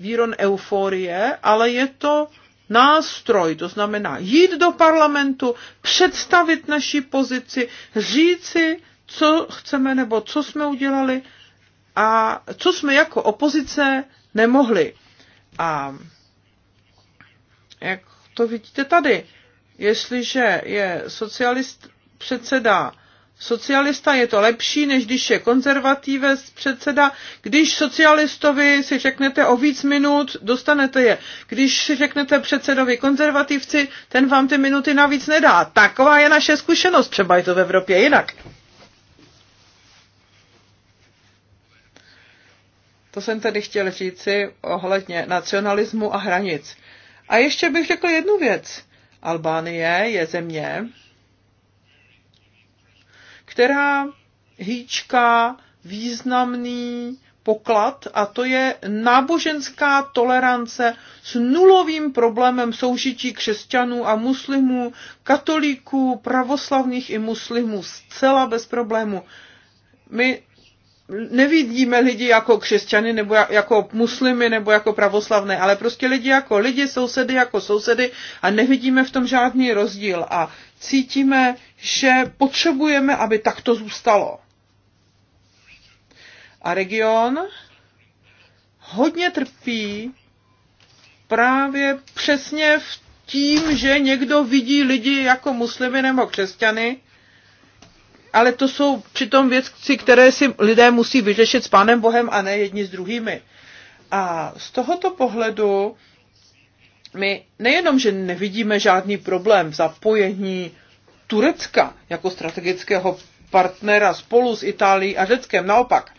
výron euforie, ale je to nástroj, to znamená jít do parlamentu, představit naši pozici, říci, co chceme nebo co jsme udělali a co jsme jako opozice nemohli. A jak to vidíte tady. Jestliže je socialist předseda socialista, je to lepší, než když je konzervativé předseda. Když socialistovi si řeknete o víc minut, dostanete je. Když si řeknete předsedovi konzervativci, ten vám ty minuty navíc nedá. Taková je naše zkušenost, třeba je to v Evropě jinak. To jsem tedy chtěl říci ohledně nacionalismu a hranic. A ještě bych řekl jednu věc. Albánie je země, která hýčká významný poklad a to je náboženská tolerance s nulovým problémem soužití křesťanů a muslimů, katolíků, pravoslavných i muslimů zcela bez problému. My nevidíme lidi jako křesťany nebo jako muslimy nebo jako pravoslavné, ale prostě lidi jako lidi, sousedy jako sousedy a nevidíme v tom žádný rozdíl a cítíme, že potřebujeme, aby takto zůstalo. A region hodně trpí právě přesně v tím, že někdo vidí lidi jako muslimy nebo křesťany ale to jsou přitom věci, které si lidé musí vyřešit s Pánem Bohem a ne jedni s druhými. A z tohoto pohledu my nejenom, že nevidíme žádný problém v zapojení Turecka jako strategického partnera spolu s Itálií a Řeckem, naopak.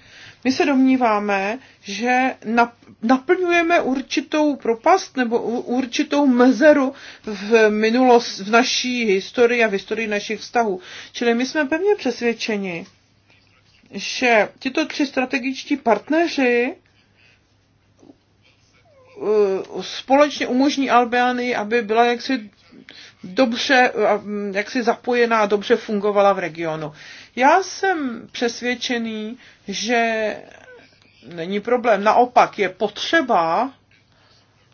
My se domníváme, že naplňujeme určitou propast nebo určitou mezeru v minulost, v naší historii a v historii našich vztahů. Čili my jsme pevně přesvědčeni, že tyto tři strategičtí partneři eh, společně umožní Albánii, aby byla jaksi dobře mm, jaksi zapojená a dobře fungovala v regionu. Já jsem přesvědčený, že není problém. Naopak je potřeba,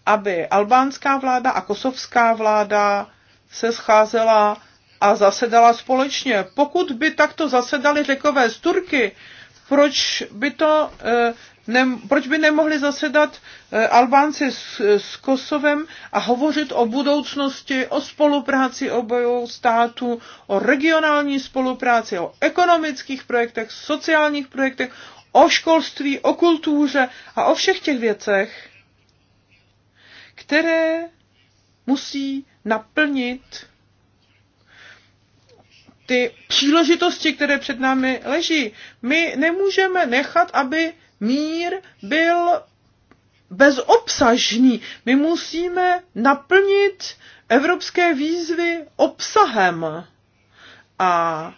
aby albánská vláda a kosovská vláda se scházela a zasedala společně. Pokud by takto zasedali řekové z Turky, proč by to eh, ne, proč by nemohli zasedat eh, Albánci s, s Kosovem a hovořit o budoucnosti, o spolupráci obou států, o regionální spolupráci, o ekonomických projektech, sociálních projektech, o školství, o kultuře a o všech těch věcech, které musí naplnit ty příležitosti, které před námi leží. My nemůžeme nechat, aby mír byl bezobsažný. My musíme naplnit evropské výzvy obsahem a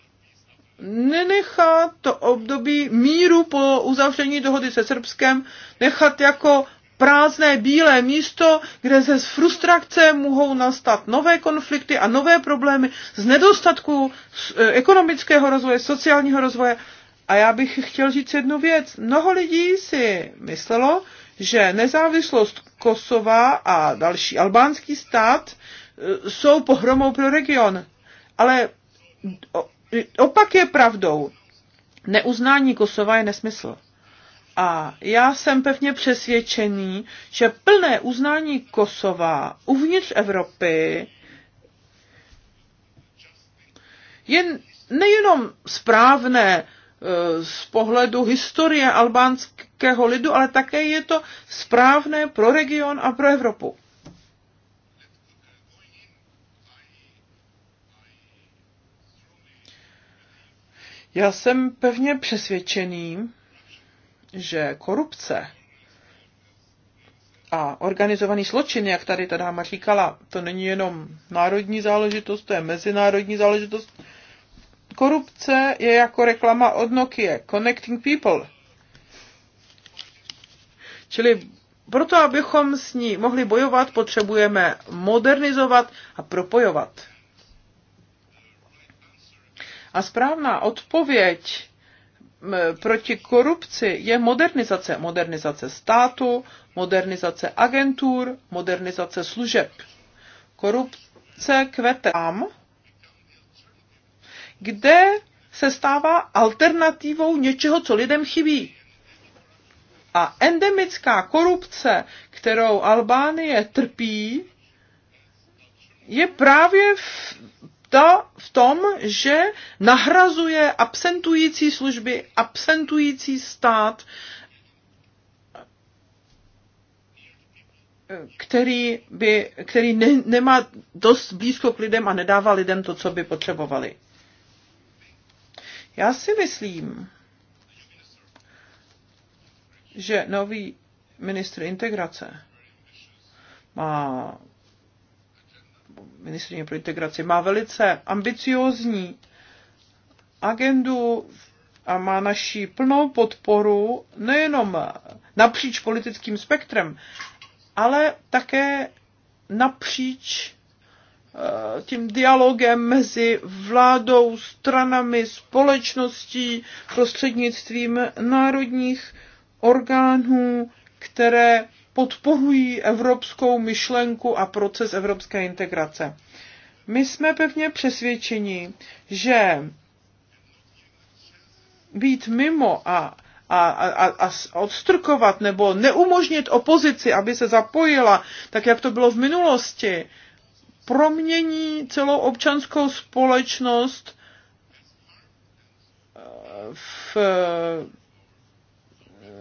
nenechat to období míru po uzavření dohody se Srbskem nechat jako prázdné bílé místo, kde ze frustrace mohou nastat nové konflikty a nové problémy z nedostatku eh, ekonomického rozvoje, sociálního rozvoje a já bych chtěl říct jednu věc. Mnoho lidí si myslelo, že nezávislost Kosova a další albánský stát e, jsou pohromou pro region. Ale opak je pravdou. Neuznání Kosova je nesmysl. A já jsem pevně přesvědčený, že plné uznání Kosova uvnitř Evropy je nejenom správné, Eh, z pohledu historie albánského lidu, ale také je to správné pro region a pro Evropu. Já jsem pevně přesvědčený, že korupce a organizovaný zločin, jak tady ta dáma říkala, to není jenom národní záležitost, to je mezinárodní záležitost Korupce je jako reklama od Nokia, Connecting People. Čili proto, abychom s ní mohli bojovat, potřebujeme modernizovat a propojovat. A správná odpověď proti korupci je modernizace. Modernizace státu, modernizace agentur, modernizace služeb. Korupce kvete tam, kde se stává alternativou něčeho, co lidem chybí. A endemická korupce, kterou Albánie trpí, je právě v, to, v tom, že nahrazuje absentující služby, absentující stát, který, by, který ne, nemá dost blízko k lidem a nedává lidem to, co by potřebovali. Já si myslím, že nový ministr integrace má ministrině pro integraci, má velice ambiciózní agendu a má naši plnou podporu nejenom napříč politickým spektrem, ale také napříč Eh, tím dialogem mezi vládou, stranami, společností, prostřednictvím národních orgánů, které podporují evropskou myšlenku a proces evropské integrace. My jsme pevně přesvědčeni, že být mimo a, a, a, a odstrkovat nebo neumožnit opozici, aby se zapojila, tak jak to bylo v minulosti, promění celou občanskou společnost eh, v, eh,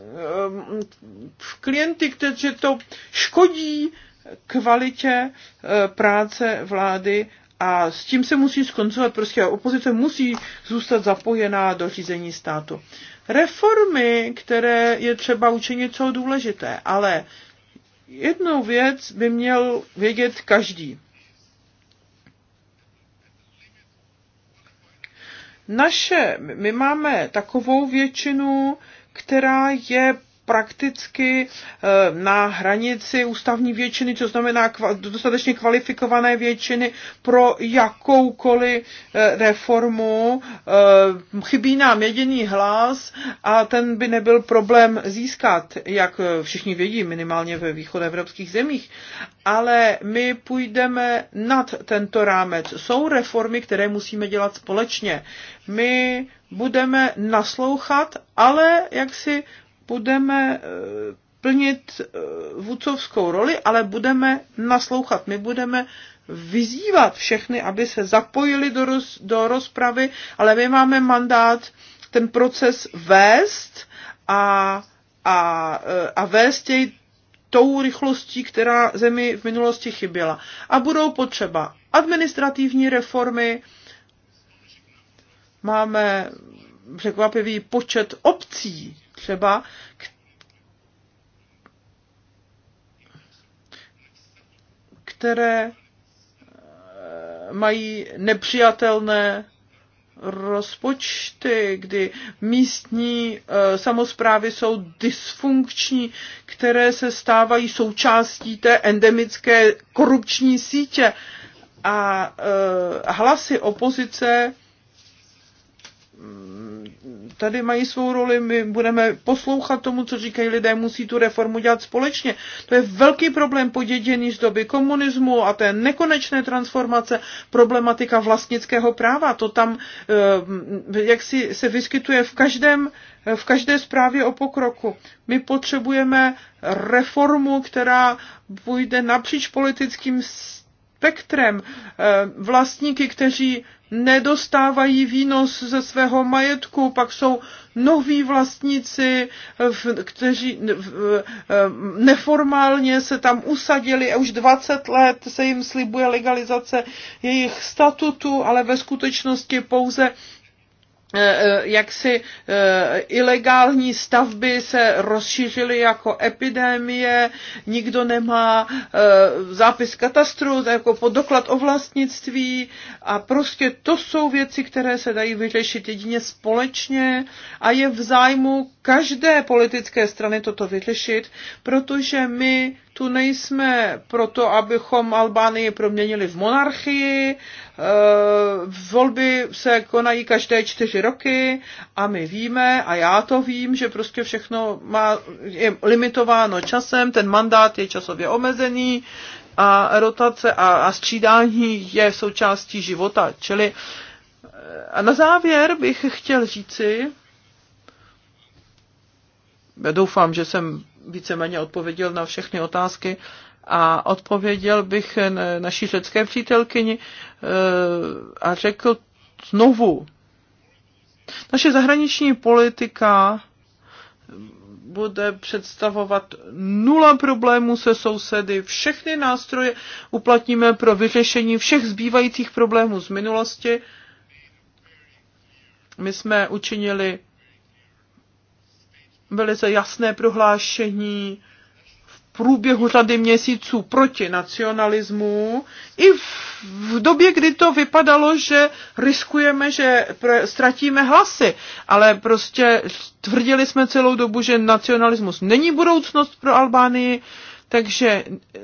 v klienty, kteří to škodí kvalitě eh, práce vlády a s tím se musí skoncovat. Prostě opozice musí zůstat zapojená do řízení státu. Reformy, které je třeba učinit, jsou důležité, ale jednu věc by měl vědět každý. Naše, my máme takovou většinu, která je prakticky eh, na hranici ústavní většiny, co znamená dostatečně kvalifikované většiny pro jakoukoliv eh, reformu. Eh, chybí nám jediný hlas a ten by nebyl problém získat, jak všichni vědí, minimálně ve východoevropských zemích. Ale my půjdeme nad tento rámec. Jsou reformy, které musíme dělat společně. My budeme naslouchat, ale jak si budeme eh, plnit eh, vůcovskou roli, ale budeme naslouchat. My budeme vyzývat všechny, aby se zapojili do, roz, do rozpravy, ale my máme mandát ten proces vést a, a, eh, a vést jej tou rychlostí, která zemi v minulosti chyběla. A budou potřeba administrativní reformy, máme překvapivý počet obcí, třeba, které eh, mají nepřijatelné rozpočty, kdy místní e, eh, samozprávy jsou dysfunkční, které se stávají součástí té endemické korupční sítě. A e, hlasy opozice Mm, tady mají svou roli, my budeme poslouchat tomu, co říkají lidé, musí tu reformu dělat společně. To je velký problém poděděný z doby komunismu a té nekonečné transformace, problematika vlastnického práva. To tam eh, jak si se vyskytuje v každém v každé zprávě o pokroku. My potřebujeme reformu, která půjde napříč politickým spektrem eh, vlastníky, kteří nedostávají výnos ze svého majetku, pak jsou noví vlastníci, eh, kteří eh, neformálně se tam usadili a už 20 let se jim slibuje legalizace jejich statutu, ale ve skutečnosti pouze Eh, eh, jaksi eh, ilegální stavby se rozšířily jako epidemie, nikdo nemá zápis katastru jako podoklad o vlastnictví a prostě to jsou věci, které se dají vyřešit jedině společně a je v zájmu každé politické strany toto vyřešit, protože my tu nejsme proto, abychom Albánii proměnili v monarchii. E, volby se konají každé čtyři roky a my víme, a já to vím, že prostě všechno má, je limitováno časem, ten mandát je časově omezený a rotace a, a střídání je součástí života. Čili e, a na závěr bych chtěl říci, já doufám, že jsem víceméně odpověděl na všechny otázky a odpověděl bych naší řecké přítelkyni eh, a řekl znovu, naše zahraniční politika bude představovat nula problémů se sousedy. Všechny nástroje uplatníme pro vyřešení všech zbývajících problémů z minulosti. My jsme učinili velice jasné prohlášení v průběhu řady měsíců proti nacionalismu, i v, v době, kdy to vypadalo, že riskujeme, že pre, ztratíme hlasy, ale prostě tvrdili jsme celou dobu, že nacionalismus není budoucnost pro Albánii, takže eh,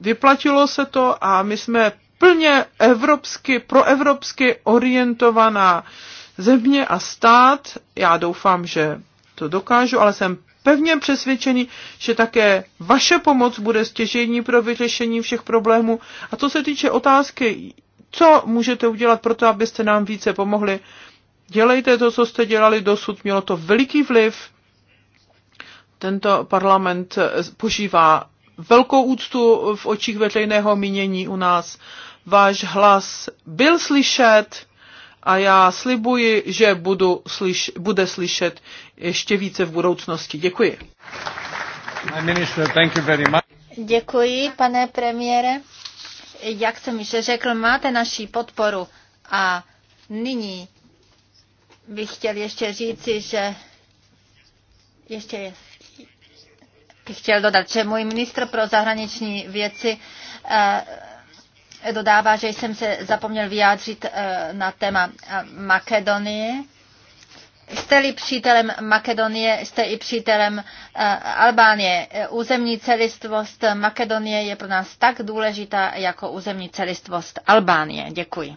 vyplatilo se to a my jsme plně evropsky, proevropsky orientovaná země a stát. Já doufám, že to dokážu, ale jsem pevně přesvědčený, že také vaše pomoc bude stěžení pro vyřešení všech problémů. A co se týče otázky, co můžete udělat pro to, abyste nám více pomohli, dělejte to, co jste dělali dosud, mělo to veliký vliv. Tento parlament eh, požívá velkou úctu v očích veřejného mínění u nás. Váš hlas byl slyšet a já slibuji, že budu slyš- bude slyšet ještě více v budoucnosti. Děkuji. Minister, Děkuji, pane premiére. Jak jsem již řekl, máte naší podporu a nyní bych chtěl ještě říci, že ještě je bych chtěl dodat, že můj ministr pro zahraniční věci eh, dodává, že jsem se zapomněl vyjádřit eh, na téma eh, Makedonie Jste-li přítelem Makedonie, jste i přítelem eh, Albánie. Územní celistvost Makedonie je pro nás tak důležitá jako územní celistvost Albánie. Děkuji.